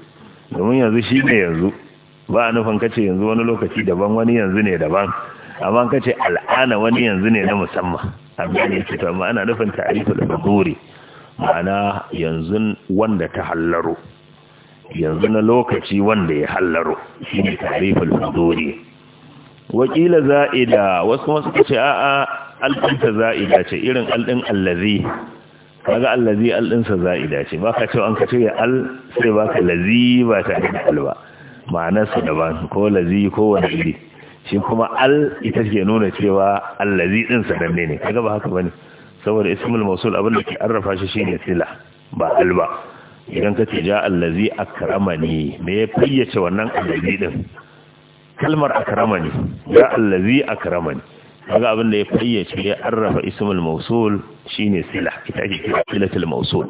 domin yanzu shi ne yanzu ba a nufin kace yanzu wani lokaci daban wani yanzu ne daban amma kace al'ana wani yanzu ne na musamman amma ne ya ce to amma ana nufin ta'arifi da huduri ma'ana yanzu wanda ta hallaro yanzu na lokaci wanda ya hallaro shi ne tarifin fuduri wakila za'ida wasu suka ce a'a alɗinta za'ida ce irin alɗin allazi kaga allazi alɗinsa za'ida ce ba ka ce an ka ce ya al sai ba ka lazi ba ta da al ba ma'anarsa daban ko lazi ko wani iri shi kuma al ita ke nuna cewa allazi ɗinsa danne ne kaga ba haka ba ne saboda ismul mausul abin da ke arrafa shi shine sila ba alba idan ka ce ja allazi akramani me ya fayyace wannan allazi din kalmar akramani ja allazi akramani kaga abin da ya fayyace ya arrafa ismul mausul shine sila ita ake kira silatul mausul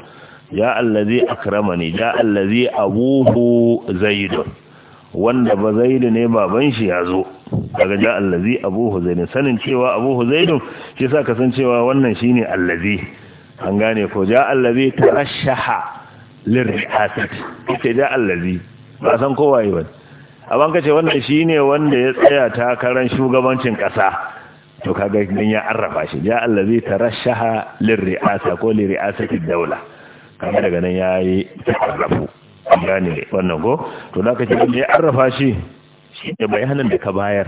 ja allazi akramani ja allazi abuhu zaidun wanda ba zaidu ne baban shi ya zo daga ja allazi abu huzaini sanin cewa abu huzaini shi sa kasancewa wannan shi ne allazi an gane ko ja allazi tarashaha lirhasat ita ja allazi ba san kowa yi ba aban kace wannan shi ne wanda ya tsaya takarar shugabancin kasa to kaga dan ya arrafa shi ja allazi tarashaha lirriasa ko lirriasati daula Kama daga nan ya yi ta arrafu gane wannan ko to da kace me arrafa shi shi ne bayanin da ka bayar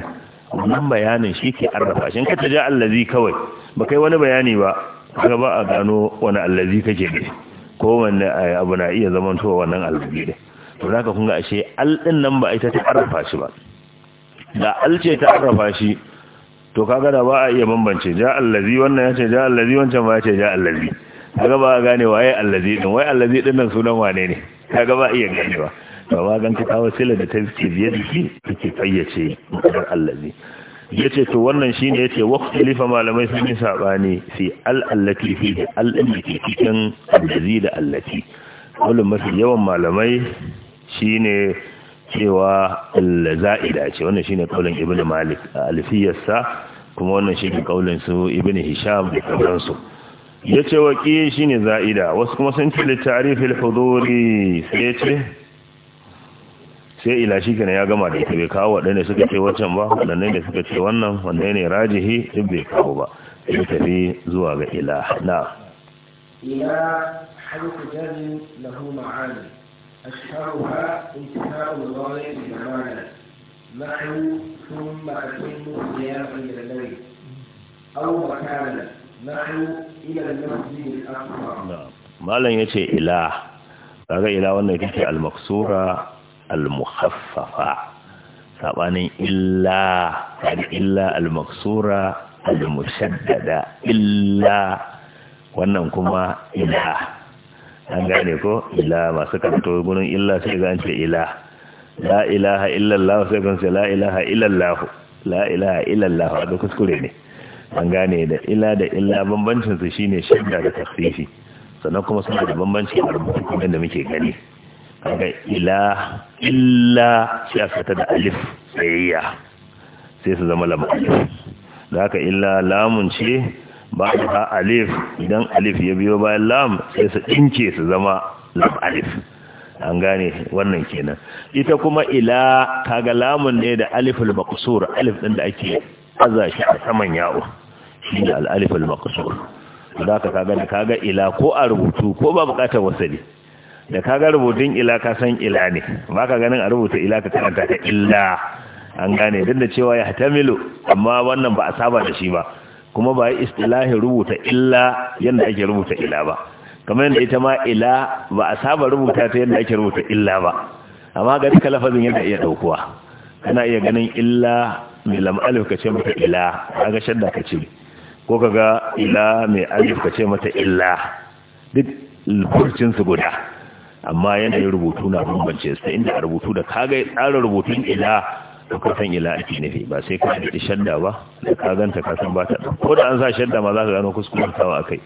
wannan bayanin shi ke arrafa shi in ka taja allazi kawai ba kai wani bayani ba kaga ba a gano wani allazi kake ne ko wanne eh, abu na iya to wannan allazi ne to da ka kunga ashe al din nan ba ita ta arrafa shi ba da al ce ta arrafa shi to kaga da ba a iya bambance ja allazi wannan yace ja allazi wancan ba yace ja allazi kaga ba a gane waye allazi din waye allazi din nan sunan wane ne kaga ba iya ganewa ba ba gan ta kawo sila da ta ke biye shi take fayyace ma'anar allazi ya ce to wannan shine ya ce wakilifa malamai sun yi saɓani fi al'allaki fi da al'allaki cikin allazi da allaki wani mafi yawan malamai shine cewa allaza'ida ce wannan shine kaulin ibnu malik a alfiyarsa kuma wannan shi ne kaulin su ibnu hisham da su. yace ce waƙi shi ne za'ida wasu kuma sun ce littarifin hudori sai ya sai ila shi kana ya gama da ita bai kawo waɗanda suka ce wancan ba waɗanda da suka ce wannan wanda ne rajihi duk bai kawo ba ya tafi zuwa ga ila na ila harfi jari lahu ma'ani أشهرها انتهاء الغاية بمعنى نحو ثم أتم الصيام إلى الليل أو مكانا malam ya ce ila kaga ila wannan ce al-maksura al-mukhaffafa sabanin illa kaga illa al-maksura al-mushaddada illa wannan kuma ila an gane ko ila masu kanto gurin illa sai ga ce ila la ilaha illallah sai ga la ilaha illallah la ilaha illallah duk kuskure ne an gane da ila da illa bambancin su shine shadda da tafsifi sannan kuma suna da bambanci a rubutun da muke gani kaga ila illa shi a da alif tsayayya sai su zama lamu alif da haka illa lamun ce ba ta alif idan alif ya biyo bayan lam sai su dinke su zama lam alif an gane wannan kenan ita kuma ila kaga lamun ne da alif maqsur alif din da ake azashi a saman yawo shi ne al'alif al za da ka kaga da kaga ila ko a rubutu ko ba bukatar ne da kaga rubutun ila ka san ila ne ba ka ganin a rubuta ila ka karanta ta illa an gane duk da cewa ya hatamilu amma wannan ba a saba da shi ba kuma ba yi istilahin rubuta illa yadda ake rubuta ila ba kamar yadda ita ma ila ba a saba rubuta ta yadda ake rubuta illa ba amma ga duka lafazin yadda iya daukuwa kana iya ganin illa mai lam ka ce mata ila ga shadda ka ce ko kaga ila mai alif ka ce mata illa duk furcin su guda amma yanayin rubutu na bambance su inda rubutu da kaga tsara rubutun ila da kusan ila ake nufi ba sai ka da shadda ba da ka ganta ka san ba ta ko da an sa shadda ma za ka gano kuskuren sawa kai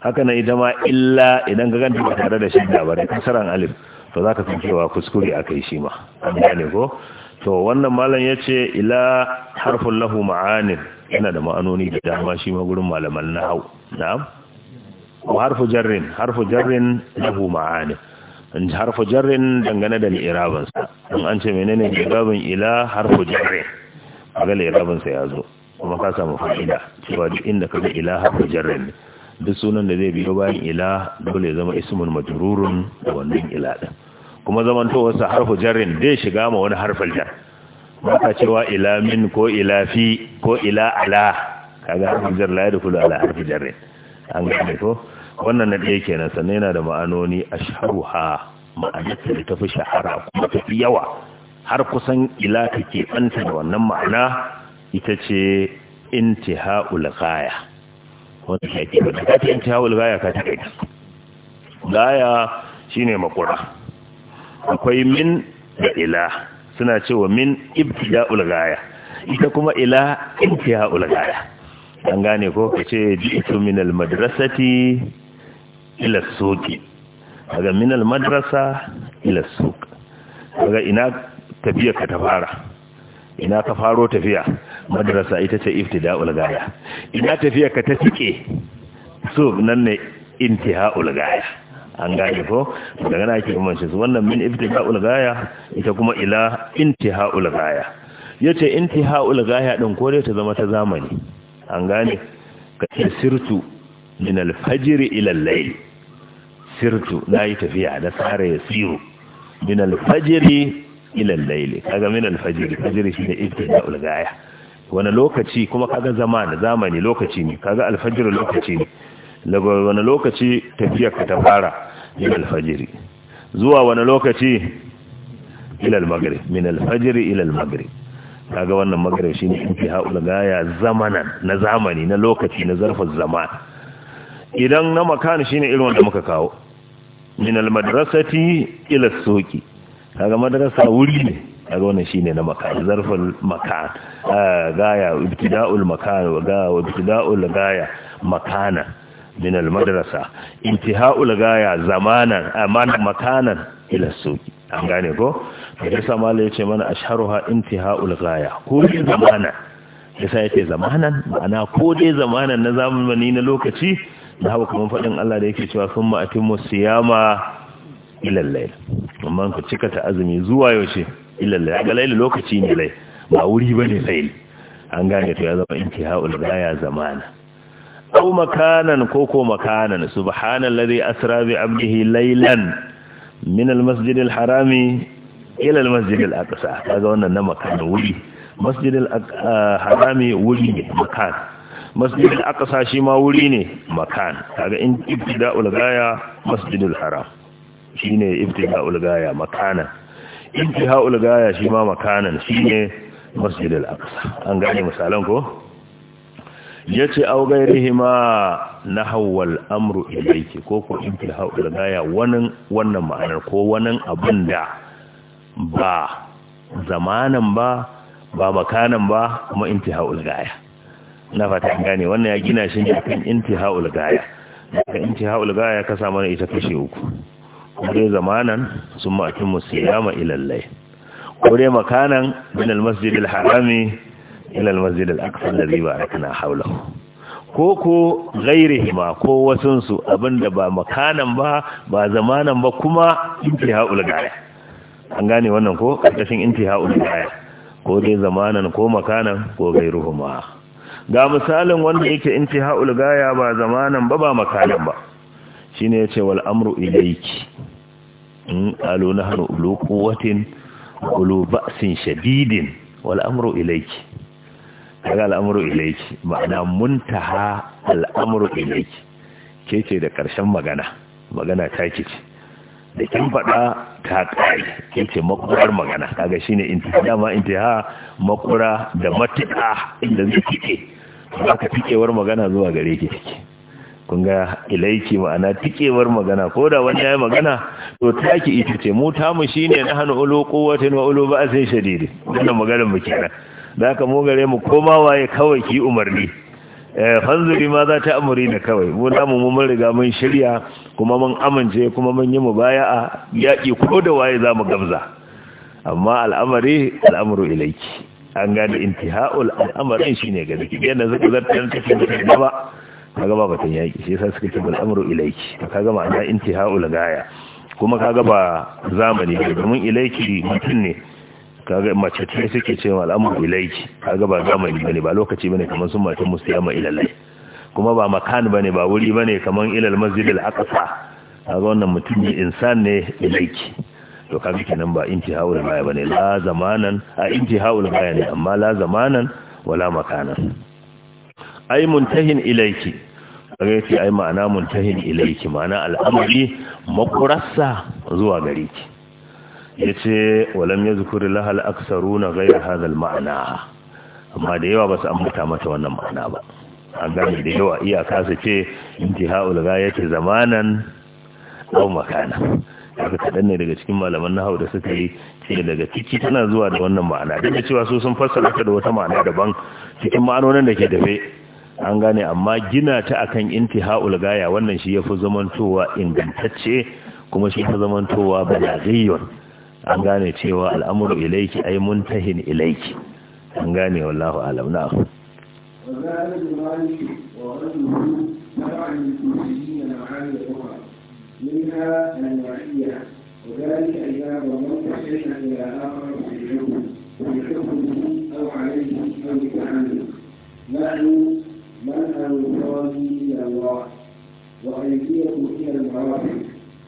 haka na ita ma illa idan ka ganta ba tare da shadda ba da kasaran alif to za ka san cewa kuskure akai shi ma an gane ko to wannan malam ya ce ila harfun lahu ma'anin yana da ma'anoni da dama shi ma gurin malaman nahau na wa harfu jarrin harfu jarrin lahu ma'ani harfu jarrin dangane da irabansa in an ce menene li'irabin ila harfu jarrin ga irabansa ya zo kuma ka samu fa'ida cewa duk inda kaga ila harfu jarrin duk sunan da zai biyo bayan ila dole ya zama ismun majrurun da wannan ila din kuma zamantowarsa harfu jarrin zai shiga ma wani harfal jarrin. baka cewa ila min ko ila fi ko ila ala kaga harfin jar la yadkhulu ala harfi jar an gane ko wannan na ɗaya kenan sannan yana da ma'anoni ashharuha ma'anarta da tafi shahara kuma fi yawa har kusan ila take banta da wannan ma'ana ita ce intihaul ghaya wanda yake da wanda intihaul ghaya ka take ghaya shine makura akwai min da ila suna cewa min ibtida'ul ulgaya, ita kuma ila intiha'ul gaya an gane ko ce ji'tu min al madrasati ila suqi daga min al madrasa ila suq daga ina tafiya ka ta fara ina ka faro tafiya madrasa ita ce ibtida'ul ulgaya, ina tafiya ka ta tike so nan ne intiha'ul ulgaya. an gane ko daga nake ake umarci su wannan min ibtida'ul gaya ita kuma ila intiha'ul gaya yace intiha'ul gaya din ko dai ta zama ta zamani an gane ka sirtu min al-fajr ila al-layl sirtu nayi tafiya da sare yasiru min al-fajr ila al-layl kaga min al-fajr shi ne ibtida'ul gaya wani lokaci kuma kaga zamani zamani lokaci ne kaga al-fajr lokaci ne daga wani lokaci tafiyar ka ta fara ilal fajiri. zuwa wani lokaci ilal magari min alfajiri ila Ta ga wannan shi maghrib shine ga gaya zamanan na zamani na lokaci na zarfin zaman idan na makan ne irin wanda muka kawo min almadrasati ilal soki kaga madrasa wuri ne kaga wannan ne na makan zarful makan eh, gaya ibtida'ul makan wa gaya ibtida'ul gaya makana min almadrasa intiha'ul gaya zamanan amanan makanan ila suki an gane ko yasa mala yace mana asharuha intiha'ul gaya ko zamanan yasa yace zamanan ma'ana ko dai zamanan na zamani na lokaci da haka kuma fadin Allah da yake cewa summa atimmu siyama ila layl amma ku cika ta azumi zuwa yaushe ila layl ga layl lokaci ne lai ba wuri bane sai an gane to ya zama intiha'ul gaya zamanan aw makanan ko ko makanan subhanallazi asra bi abdihi laylan min almasjid alharami ila almasjid alaqsa kaga wannan na makanan wuri masjid alharami wuri makan masjid alaqsa shi ma wuri ne makan kaga in ibtida'ul gaya masjid alharam shine ibtida'ul gaya makanan intiha'ul gaya shi ma makanan shine masjid al an gane misalan ko ya ce au gairihi ma na hawal amru ilaiki ko ko in fil haula gaya wannan wannan ma'anar ko wannan abin da ba zamanan ba ba makanan ba kuma intihaul gaya na fata gane wannan ya gina shi ne kan intihaul gaya daga intihaul gaya ka samu ita kashe uku dai zamanan sun ma'akin ma ilallai ko dai makanan min al-masjidil harami ila almasjid al-aqsa alladhi barakna hawlahu ko ko ma ko su abinda ba makanan ba ba zamanan ba kuma intihaul gaya an gane wannan ko karkashin intihaul gaya ko dai zamanan ko makanan ko gairuhuma ga misalin wanda yake intihaul gaya ba zamanan ba ba makanan ba shine yace wal amru ilayki in alu nahnu ulu quwwatin ulu ba'sin shadidin wal amru ilayki kaga al'amuru ilayki ma'ana muntaha al'amuru ilaiki ke ce da ƙarshen magana magana ta ce da kin faɗa ta ƙari ke ce makura magana kaga shi ne dama intiha makura da matuƙa inda zai ke. za ka fiƙewar magana zuwa gare ki take kun ga ilaiki ma'ana tikewar magana ko da wani ya magana to taki ita ce mu mu shine na hannu ulu quwwatin wa ulu ba'sin shadidi wannan maganar muke kenan da aka mu gare mu koma waye kawai ki umarni eh, fanzuri ma za ta amuri na kawai mu namu mu mun riga mun shirya kuma mun amince kuma mun yi mubaya'a yaƙi ko da waye za mu gamza amma al'amari al'amru ilayki an gane intiha'ul al'amarin shine ga dake yana zaka zartan take da ba kaga ba batun yaƙi shi yasa suka ce bal amru ilayki to kaga ma'ana intiha'ul gaya kuma kaga ba zamani domin ilayki mutun ne kaga mace ce suke cewa al'amur ilaiki kaga ba zamani bane ba lokaci bane kamar sun matan musayama ilalai kuma ba makan bane ba wuri bane kamar ilal masjid al-aqsa kaga wannan mutum ne insan ne ilaiki to kaga kenan ba intihaul baya bane la zamanan a intihaul baya ne amma la zamanan wala makanan ai muntahin ilaiki kaga yace ai ma'ana muntahin ilaiki ma'ana al'amari makurassa zuwa gare ki ya ce walam ya zukuri lahal aksaru na gairar hazal ma'ana amma da yawa ba su ambata mata wannan ma'ana ba an gane da yawa iyaka su ce intiha'ul gaya ce zamanan au makana fi kaɗan ne daga cikin malaman na hau da suka yi ke daga ciki tana zuwa da wannan ma'ana duk da cewa su sun fassara ta da wata ma'ana daban cikin ma'anonin da ke dafe an gane amma gina ta akan intiha'ul gaya wannan shi ya fi zamantowa ingantacce kuma shi ya fi zamantowa balagayyar an gane cewa al'amuru ilayki ay muntahin ilayki an gane wallahu alam na ku منها النوعية وذلك إذا ضمنت إلى آخر في حكمه أو عليه أو نحن منع الفرد إلى الله وأيديكم إلى المرافق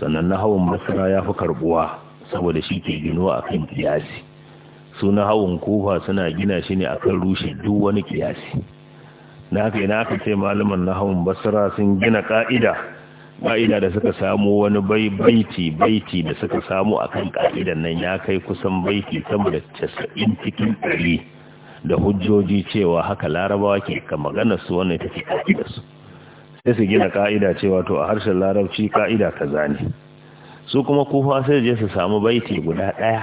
sannan nahawun basra ya fi karbuwa saboda shi ke ginuwa akan kiyasi su hawan kofa suna gina shi ne akan rushe duk wani kiyasi na haka aka ce malaman na hawan basra sun gina ka'ida ka'ida da suka samu wani bai baiti baiti da suka samu akan ka'idan nan ya kai kusan baiti sama da casa'in cikin ɗari da hujjoji cewa haka larabawa ke ka magana su wannan take kaidarsu sai su gina ka'ida cewa to a harshen larabci ka'ida kaza ne su kuma kufa sai je su samu baiti guda ɗaya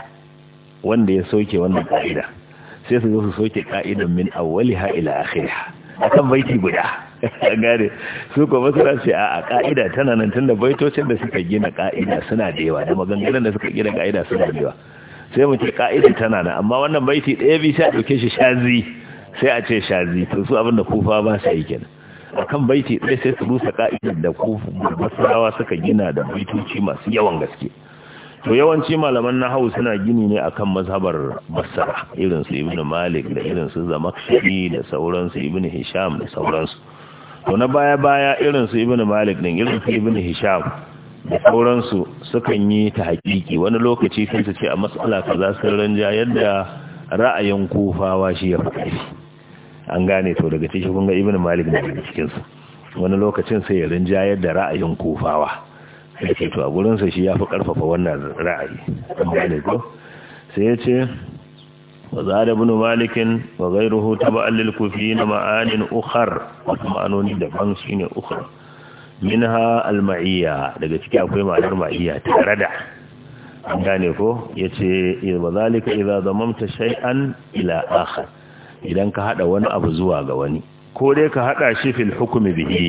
wanda ya soke wannan ka'ida sai su zo su soke ka'idan min ha ila akhiriha akan baiti guda gane su ko masana ce a ka'ida tana nan tunda baitocin da suka gina ka'ida suna da yawa da maganganun da suka gina ka'ida suna da yawa sai mu ce ka'ida tana nan amma wannan baiti ɗaya bi sai a ɗauke shi shazi sai a ce shazi to su abin da kufa ba sa yi kenan akan baiti ɗaya sai su rusa ka'idar da kufu masarawa suka gina da baitoci masu yawan gaske to yawanci malaman hau suna gini ne akan mazhabar masara irin su ibnu malik da irin su zamakshi da sauransu ibnu hisham da sauransu to na baya baya irin su ibnu malik din irin su ibnu hisham da sauransu sukan yi ta hakiki wani lokaci sun ce a matsala kaza sun ranja yadda ra'ayin kufawa shi ya faɗi an gane to daga cikin kun ga ibn malik ne daga cikin su wani lokacin sai ya jayar da ra'ayin kufawa sai ce to a gurin sa shi yafi karfafa wannan ra'ayi an gane ko sai ya ce wa zada ibn malik wa ghayruhu taba'an lil kufiyin ma'anin ukhar wa ma'anoni da daban shine ukhar minha al ma'iyya daga ciki akwai ma'anar ma'iyya tare da an gane ko yace wa zalika idza zamamta shay'an ila akhar idan ka hada wani abu zuwa ga wani ko dai ka hada shi fil hukumi bihi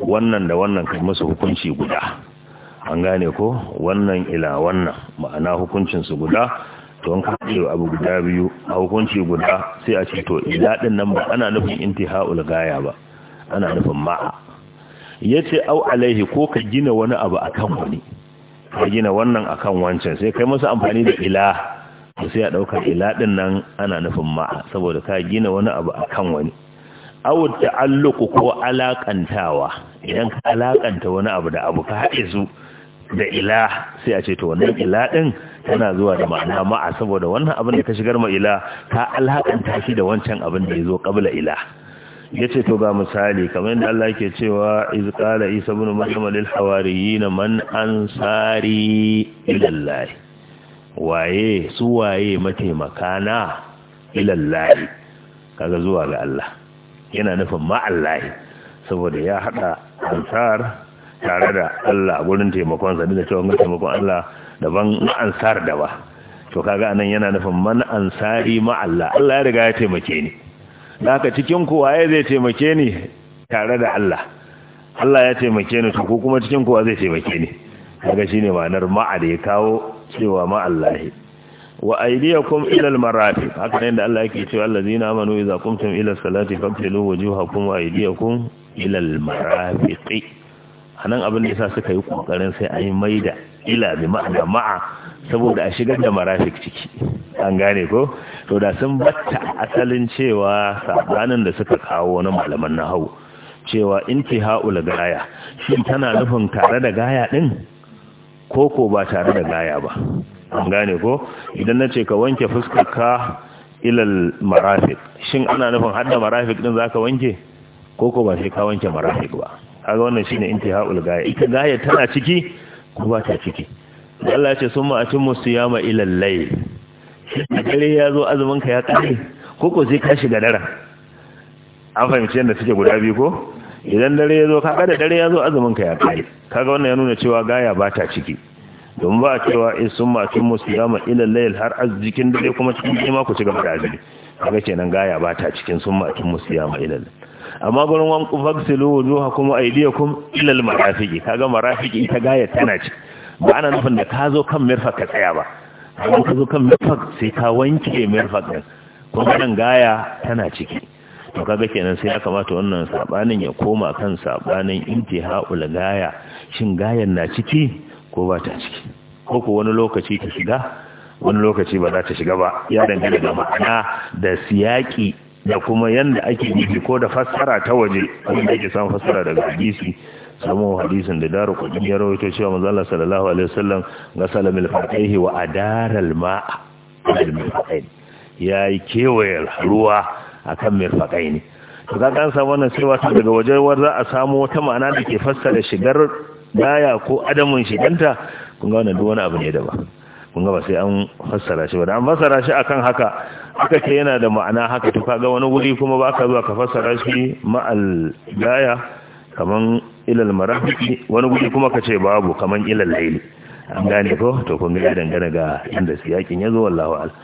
wannan da wannan kai musu hukunci guda an gane ko wannan ila wannan ma'ana hukuncin su guda to an ce abu guda biyu a hukunci guda sai a ce to ila din nan ba ana nufin intihaul gaya ba ana nufin ma'a yace au alaihi ko ka gina wani abu akan wani ka gina wannan akan wancan sai kai masa amfani da ila to sai a ɗaukar ila ɗin nan ana nufin ma'a saboda ka gina wani abu a kan wani awud ta'alluku ko alakantawa idan ka alakanta wani abu da abu ka haɗe su da ila sai a ce to wannan ila ɗin tana zuwa da ma'ana ma'a saboda wannan abin da ka shigar ma ila ka alaƙanta shi da wancan abin da ya zo ƙabla ila ya ce to ga misali kamar yadda Allah ke cewa iz qala isa ibn maryam lil hawariyina man ansari ila waye su waye mataimaka na ilallahi kaga zuwa ga Allah yana nufin ma'allahi saboda ya hada ansar tare da Allah gurin taimakon sa da cewa taimakon Allah daban ansar da ba to kaga anan yana nufin man ansari ma Allah ya riga ya taimake ni da haka cikin ku waye zai taimake ni tare da Allah Allah ya taimake ni to ko kuma cikin ku zai taimake ni kaga shine ma'anar ma'a da ya kawo cewa ma'allahi wa aydiyakum ila marafi haka ne da Allah yake cewa allazina amanu idza qumtum ila salati fabtilu wujuhakum wa aydiyakum ila A anan abin da yasa suka yi kokarin sai ayi da ila bi ma'ana ma'a saboda a shigar da marafi ciki an gane ko to da sun batta asalin cewa sabanin da suka kawo na malaman nahau cewa intihaul gaya shin tana nufin tare da gaya din Koko ba tare da gaya ba an gane ko idan na ce ka wanke fuskarka ilal marafik shin ana nufin hadda marafik din zaka wanke Koko ba sai ka wanke marafik ba kaga wannan shine intihaul gaya ita gaya tana ciki ko ba ta ciki Allah ya ce summa atimmu siyama ilal layl dare ya zo azumin ka ya kare Koko sai ka shiga dare an fahimci yadda suke guda biyu ko idan dare ya zo kaga da dare ya zo azumin ka ya kai kaga wannan ya nuna cewa gaya ba ta ciki don ba cewa in eh, sun makin musu yama ilal layl har azzikin dare kuma cikin jima ku ci gaba da azumi kaga kenan gaya ba ta cikin sun makin musulama yama ilal amma gurin wan faksilu wujuhakum wa aydiyakum ilal marafiqi kaga marafiqi ita gaya tana ci ba ana nufin da ka zo kan mirfak ka tsaya ba ka zo kan mirfak sai ka wanke mirfak din kuma nan gaya tana ciki to kaga kenan sai ya kamata wannan sabanin ya koma kan sabanin ul gaya shin gayan na ciki ko ba ta ciki ko ko wani lokaci ta shiga wani lokaci ba za ta shiga ba ya dangane da ma'ana da siyaki da kuma yanda ake yi ko da fassara ta waje wanda ake samun fassara daga hadisi samu hadisin da daru kudin ya rawaito cewa manzo Allah sallallahu alaihi wasallam ga salamil fatihi wa adaral ma'a al yi kewayar kewaye ruwa a akan mirfaqai ne to ka kan samu wannan sai wato daga wajen war za a samu wata ma'ana da ke fassara shigar daya ko adamun shiganta kun ga wannan duk wani abu ne da ba kun ga ba sai an fassara shi ba da an fassara shi akan haka aka ce yana da ma'ana haka to kaga wani wuri kuma ba ka zuwa ka fassara shi ma'al daya kaman ilal marafiki wani wuri kuma ka ce babu kaman ilal laili an gane ko to kun ga dangane ga inda siyakin ya zo wallahu a'lam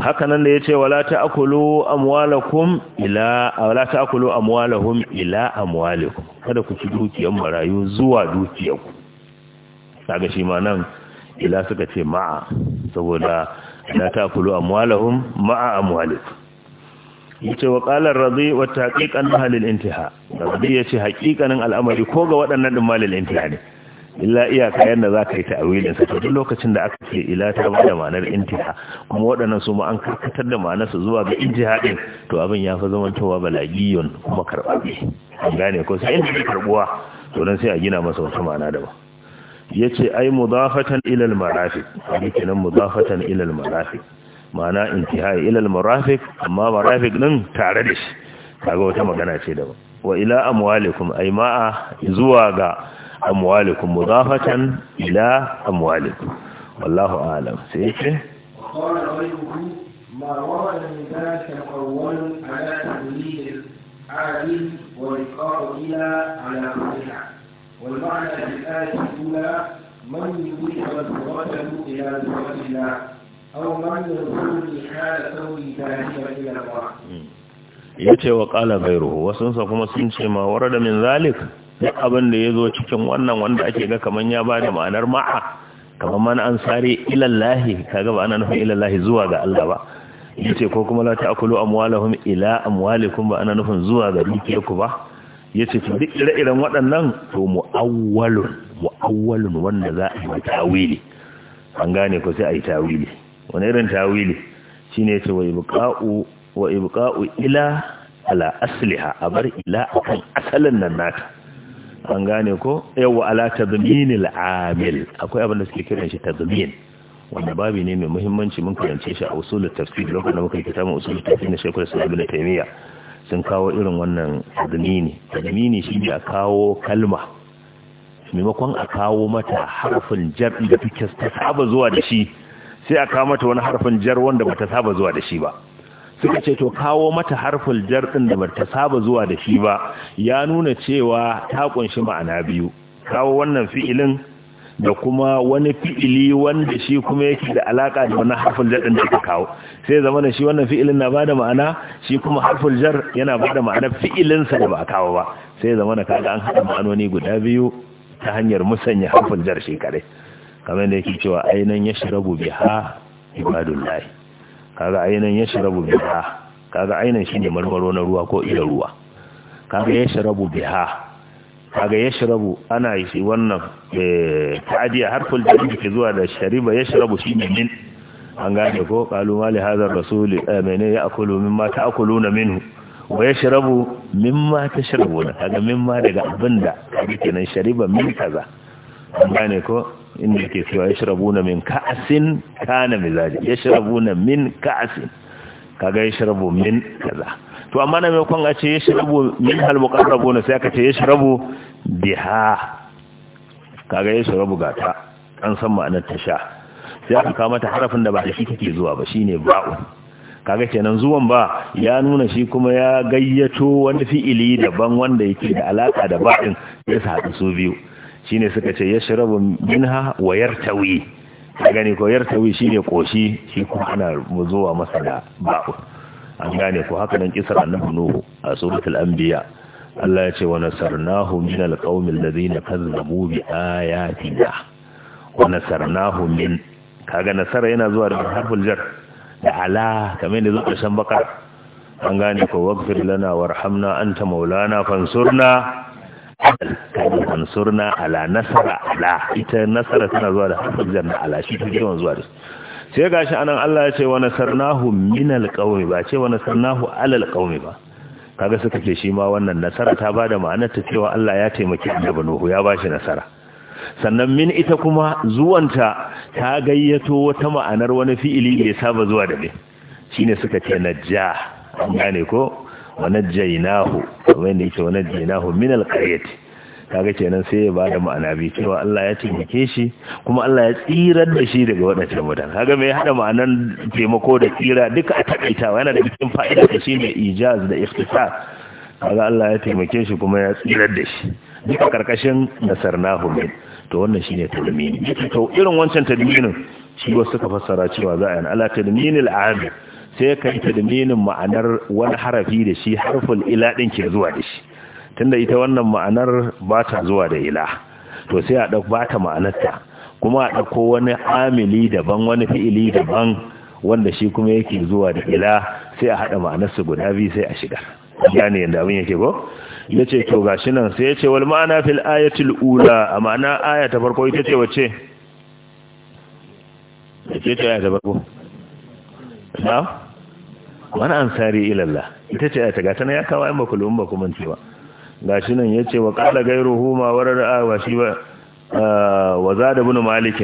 hakanan da ya ce wala akulu amwalakum ila wala akulu amwalahum ila amwalikum kada ku ci dukiyar marayu zuwa dukiyarku kaga shi ma nan ila suka ce ma'a saboda la akulu amwalahum ma'a amwalikum yace wa qala ar-radi wa taqiqan halil intiha radi yace haqiqanin al'amari ko ga waɗannan din malil intiha ne illa iyaka yanda za ka yi ta'awilin sa duk lokacin da aka ce ila ta ba da ma'anar intiha kuma waɗannan su ma an karkatar da ma'anar su zuwa ga intiha din to abin ya fa zamantowa balagiyon kuma ne an gane ko sai inda karɓuwa to dan sai a gina masa wata ma'ana da ba yace ai mudafatan ila al-marafiq hadisi nan mudafatan ila al-marafiq ma'ana intihai ila al-marafiq amma marafiq din tare da shi kaga wata magana ce da wa ila amwalikum ai ma'a zuwa ga amwalikum mudafatan ila amwalikum wallahu a'lam sai ce ya ce wa ƙala bairu wasu kuma sun ce ma da min zalika duk abin da ya zo cikin wannan wanda ake ga kamar ya ba da ma'anar ma'a kamar mana an sare ilallahi kaga ba ana nufin ilallahi zuwa ga Allah ba yace ko kuma la ta'kulu amwalahum ila amwalikum ba ana nufin zuwa ga dukiyarku ba yace to duk ire-iren waɗannan to mu'awwalun mu'awwalun wanda za a yi tawili an gane ko sai a yi tawili wani irin tawili shine yace wa ibqa'u wa ibqa'u ila ala asliha abar ila akan asalin nan nata an gane ko yawa ala tazminil amil akwai abin da suke kiran shi tazmin wanda babu ne mai muhimmanci mun karance shi a usul tafsir lokacin da muka yi kitabun usul tafsir na Sheikh Islam Ibn Taymiyyah sun kawo irin wannan tazmini tazmini shi ne a kawo kalma maimakon a kawo mata harfin jar da take saba zuwa da shi sai a kawo mata wani harfin jar wanda bata saba zuwa da shi ba suka ce to kawo mata harful jar din da bata saba zuwa da shi ba ya nuna cewa ta kunshi ma'ana biyu kawo wannan fi'ilin da kuma wani fi'ili wanda shi kuma yake da alaka da wannan harful jar din da ta kawo sai zama da shi wannan fi'ilin na bada ma'ana shi kuma harful jar yana bada ma'ana fi'ilin sa da ba kawo ba sai zama da kaga an hada ma'anoni guda biyu ta hanyar musanya harful jar shi kare kamar da yake cewa ainan yashrabu biha ibadullahi kaga ainihin ya shirabu biha kaga ainihin shine marmaro na ruwa ko idan ruwa kaga ya shirabu biha kaga ya shirabu ana yi wannan eh, ta'adiyya harful da ke zuwa da shariba ya shirabu shine min an gane ko qalu ma li hadha ar-rasul amene eh, ya'kulu mimma ta'kuluna minhu wa yashrabu mimma tashrabuna kaga mimma daga abinda kaga kenan shariba min kaza an gane ko inda ke cewa ya na min ka'asin kana mizaji ya na min ka'asin kaga ya shirabu min kaza to amma na maimakon a ce ya shirabu min halmukarrabu na sai aka ce ya shirabu biha kaga ya shirabu ta an san ma'anar ta sha sai aka kama ta harafin da ba da shi take zuwa ba shine ba'u kaga kenan zuwan ba ya nuna shi kuma ya gayyato wani fi'ili daban wanda yake da alaka da ba'in ya su haɗu su biyu shine suka ce ya shirabu minha wa yartawi ka gane ko yartawi shine koshi shi kuma ana zuwa masa da ba'u an gane ko haka nan kisar annabi nuhu a suratul anbiya Allah ya ce wa nasarnahu min alqawmi alladhina kazzabu bi ayatina wa nasarnahu min kaga nasara yana zuwa da harful jar da ala kamar yadda zuwa shan bakar an gane ko waghfir lana warhamna anta maulana fansurna kaji ansurna ala nasara ala ita nasara tana zuwa da hafizan na ala shi yawan zuwa da sai gashi anan Allah ya ce wa nasarnahu min alqawmi ba ce wa nasarnahu ala alqawmi ba kaga suka ce shi ma wannan nasara ta bada ma'anar ta cewa Allah ya taimaki annabi Nuhu ya bashi nasara sannan min ita kuma zuwanta ta gayyato wata ma'anar wani fi'ili da ya saba zuwa da ne shine suka ce najja an gane ko wanajjainahu kamar yadda yake wanajjainahu min alqaryati kaga kenan sai ya bada ma'ana bi cewa Allah ya taimake shi kuma Allah ya tsirar da shi daga waɗancan mutan kaga mai hada ma'anan taimako da tsira duka a takaitawa yana da cikin fa'ida da shi mai ijaz da ikhtisar kaga Allah ya taimake shi kuma ya tsirar da shi duka karkashin nasarnahu min to wannan shine tadmini to irin wancan tadminin shi wasu suka fassara cewa za a yi ala tadminil amil sai ka yi tadminin ma'anar wani harafi da shi harfin ila ɗin ke zuwa da shi tunda ita wannan ma'anar ba ta zuwa da ila to sai a ɗauk ba ta ma'anarta kuma a ɗauko wani amili daban wani fi'ili daban wanda shi kuma yake zuwa da ila sai a haɗa ma'anarsu guda biyu sai a shiga gane yadda abin yake ko ya ce to gashi nan sai ya ce wal ma'ana fil ayatul ula a ma'ana aya ta farko ita ce wacce ya ce ta aya ta farko na wani ansari ilallah ita ce ayata gata na ya kawo ayan baku lumun baku manci ba gashi nan ce wa qala ghayruhu ma warada wa shi ba wa zada ibn malik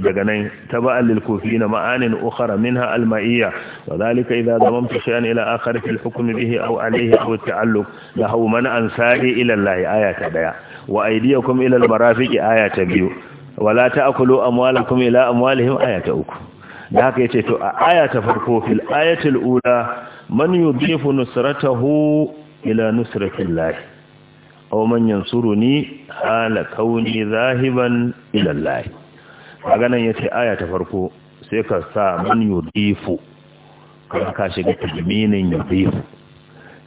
daga nan ta taba'an lil na ma'anin ukhra minha al ma'iyya wa dhalika idha damamta shay'an ila akhar fi al hukm bihi aw alayhi aw ta'alluq lahu man ansari ilallah ayata daya wa aydiyakum ila al marafiqi ayata biyu wala ta'kulu amwalakum ila amwalihim ayata uku da haka yace to a aya ta farko fil ayatul ula man yudifu nusratahu ila nusratillahi aw man yansuruni ala kauni zahiban ila llahi kaga nan yace aya ta farko sai ka sa man yudifu kaga ka shiga tajminin yudifu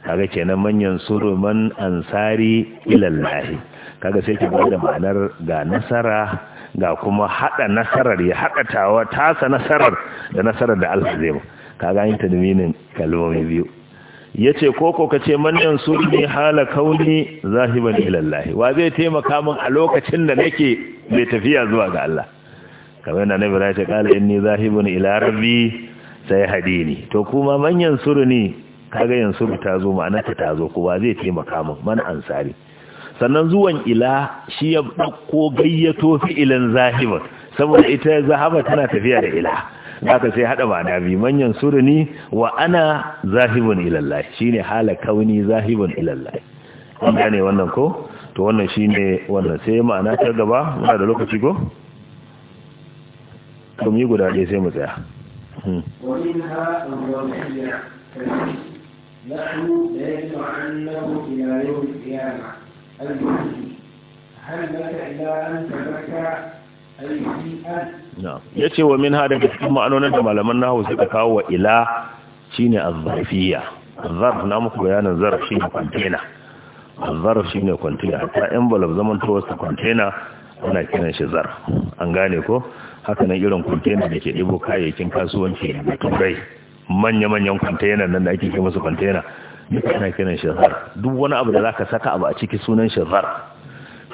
kaga kenan man yansuru man ansari ila llahi kaga sai ka bada ma'anar ga nasara ga kuma hada nasarar ya hada tawa tasa nasarar da nasarar da Allah zai mu ga yin tadminin kalmomi biyu yace koko kace man yansurni hala kauni zahiban ila Allah wa zai taimaka min a lokacin da nake mai tafiya zuwa ga Allah kamar yana nabi ya kala inni zahibun ila rabbi sai hadini to kuma man suruni kaga yan ta zo ma'anar ta zo ko wa zai taimaka min man ansari sannan zuwan ila shi ya ɗauko gayyato fi'ilin zahiba saboda ita zahaba tana tafiya da ila haka sai hada ma'ana bi manyan surini wa ana zahibun ilallah ne hala kauni zahibun ilallah wanda ne wannan ko to wannan shi ne wannan sai ma'ana ta gaba muna da lokaci ko to yi guda ɗaya sai mu tsaya hmm. ومنها نحن لا يجمعنه إلى يوم القيامة ya ce wa min hada da cikin ma'anonin da malaman nahu suka kawo wa ila a zarfiya, zarf na muku bayanin zarf ne kwantena, zarf ne kwantena ta balab zaman to su kwantena ana kiran shi zarf an gane ko haka nan irin kwantena da ke ɗibo kayayyakin kasuwanci da turai manya-manyan kwantena nan da ake ke musu kwantena. duka ana kiran shi zar duk wani abu da zaka saka abu a ciki sunan shi zar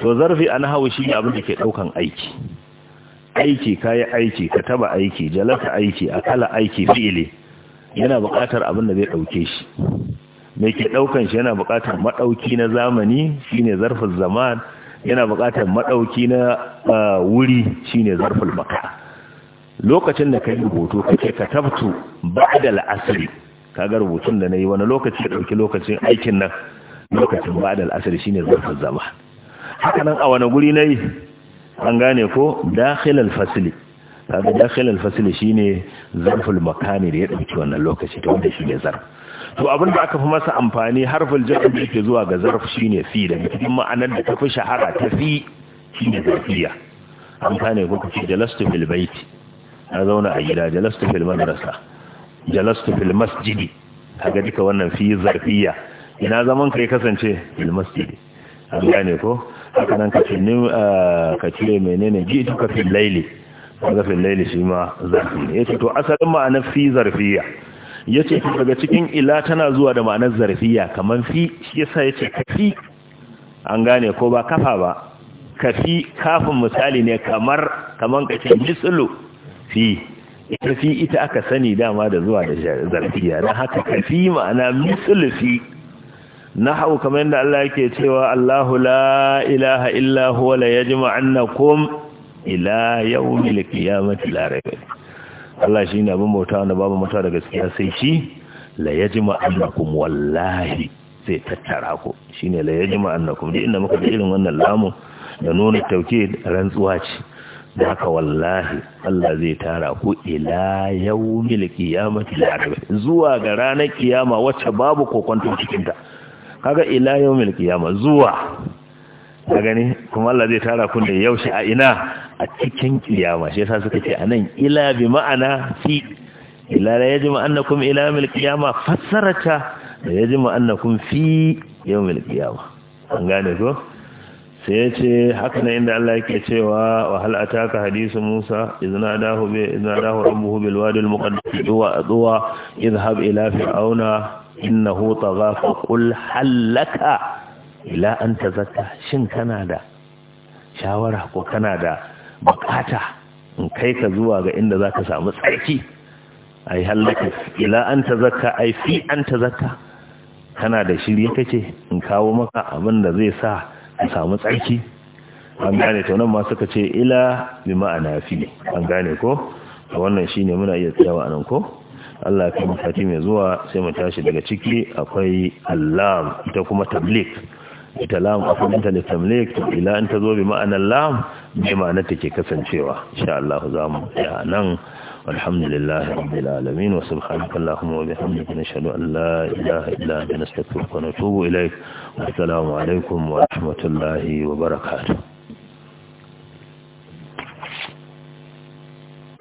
to zarfi an hawo shi abin da ke daukan aiki aiki kai aiki ka taba aiki jalaka aiki akala aiki fi'ili yana buƙatar abin da zai dauke shi me ke daukan shi yana buƙatar madauki na zamani shine zarfin zaman yana buƙatar madauki na wuri shine zarful maka lokacin da kai rubutu kake ka ba'da al-asri kaga rubutun da na yi wani lokaci ya ɗauki lokacin aikin nan lokacin ba da al'asar shine zartar zama hakanan a wani guri na yi an gane ko al fasili kaga dakhilal fasili shine zarful makani da ya ɗauki wannan lokaci to wanda shine zarf to abin da aka fi masa amfani harful jarri da yake zuwa ga zarf shine fi da cikin ma'anar da ta fi shahara ta fi shine zarfiya an gane ko kace jalastu fil baiti na zauna a gida jalastu fil madrasa jalastu fil masjidi kaga duka wannan fi zarfiya ina zaman kai kasance fil masjidi an gane ko haka nan kace ni ah, kace menene ji duka fil laili kaga fil laili shi ma zarfi ne yace to asalin ma'anar fi zarfiya yace daga cikin ila tana zuwa da ma'anar zarfiya kaman fi shi yasa yace kafi an gane ko ba kafa ba kafi kafin misali ne kamar kaman kace mislu fi fi ita aka sani dama da zuwa da zarfiya don haka kafi ma'ana misulufi na hau kamar yadda Allah yake cewa Allahu la ilaha illa huwa la yajma annakum ila yawmil qiyamati la rayb Allah shine abin bauta wanda babu mata da gaskiya sai shi la yajma annakum wallahi sai tattara ku shine la yajma annakum duk inda muka ji irin wannan lamun da nuna tauke rantsuwa ce da haka wallahi Allah zai tara ku ila yaumil qiyamati la rabb zuwa ga ranar kiyama wacce babu kokonta cikin ta kaga ila yaumil kiyama zuwa ka gani kuma Allah zai tara ku da yaushe a ina a cikin kiyama shi yasa suka ce anan ila bi ma'ana fi ila la yajma annakum ila yaumil kiyama fassarata la yajma annakum fi yaumil kiyama an gane ko sai ya ce haka na inda Allah ke cewa wa hal ataka hadisu Musa izna dahu bi izna dahu rabbuhu bil wadi al muqaddas ila fir'auna innahu tagha fa qul halaka ila an tazakka shin kana da shawara ko kana da bukata in kai ka zuwa ga inda zaka samu tsarki ai halaka ila an tazakka ai fi an tazakka kana da shirye kace in kawo maka abin da zai sa a samu tsarki an gane to nan ma suka ce ila bi ma'ana fi an gane ko a wannan shine muna iya tsayawa anan ko Allah ka mutati mai zuwa sai mu tashi daga ciki akwai allam ita kuma tablik ita lam akwai ta tamlik ila an ta zo bi ma'anar lam bi ma'anar take kasancewa insha Allah za mu ya nan والحمد لله رب العالمين وسبحانك اللهم وبحمدك نشهد أن لا إله إلا أنت نستغفرك ونتوب إليك والسلام عليكم ورحمة الله وبركاته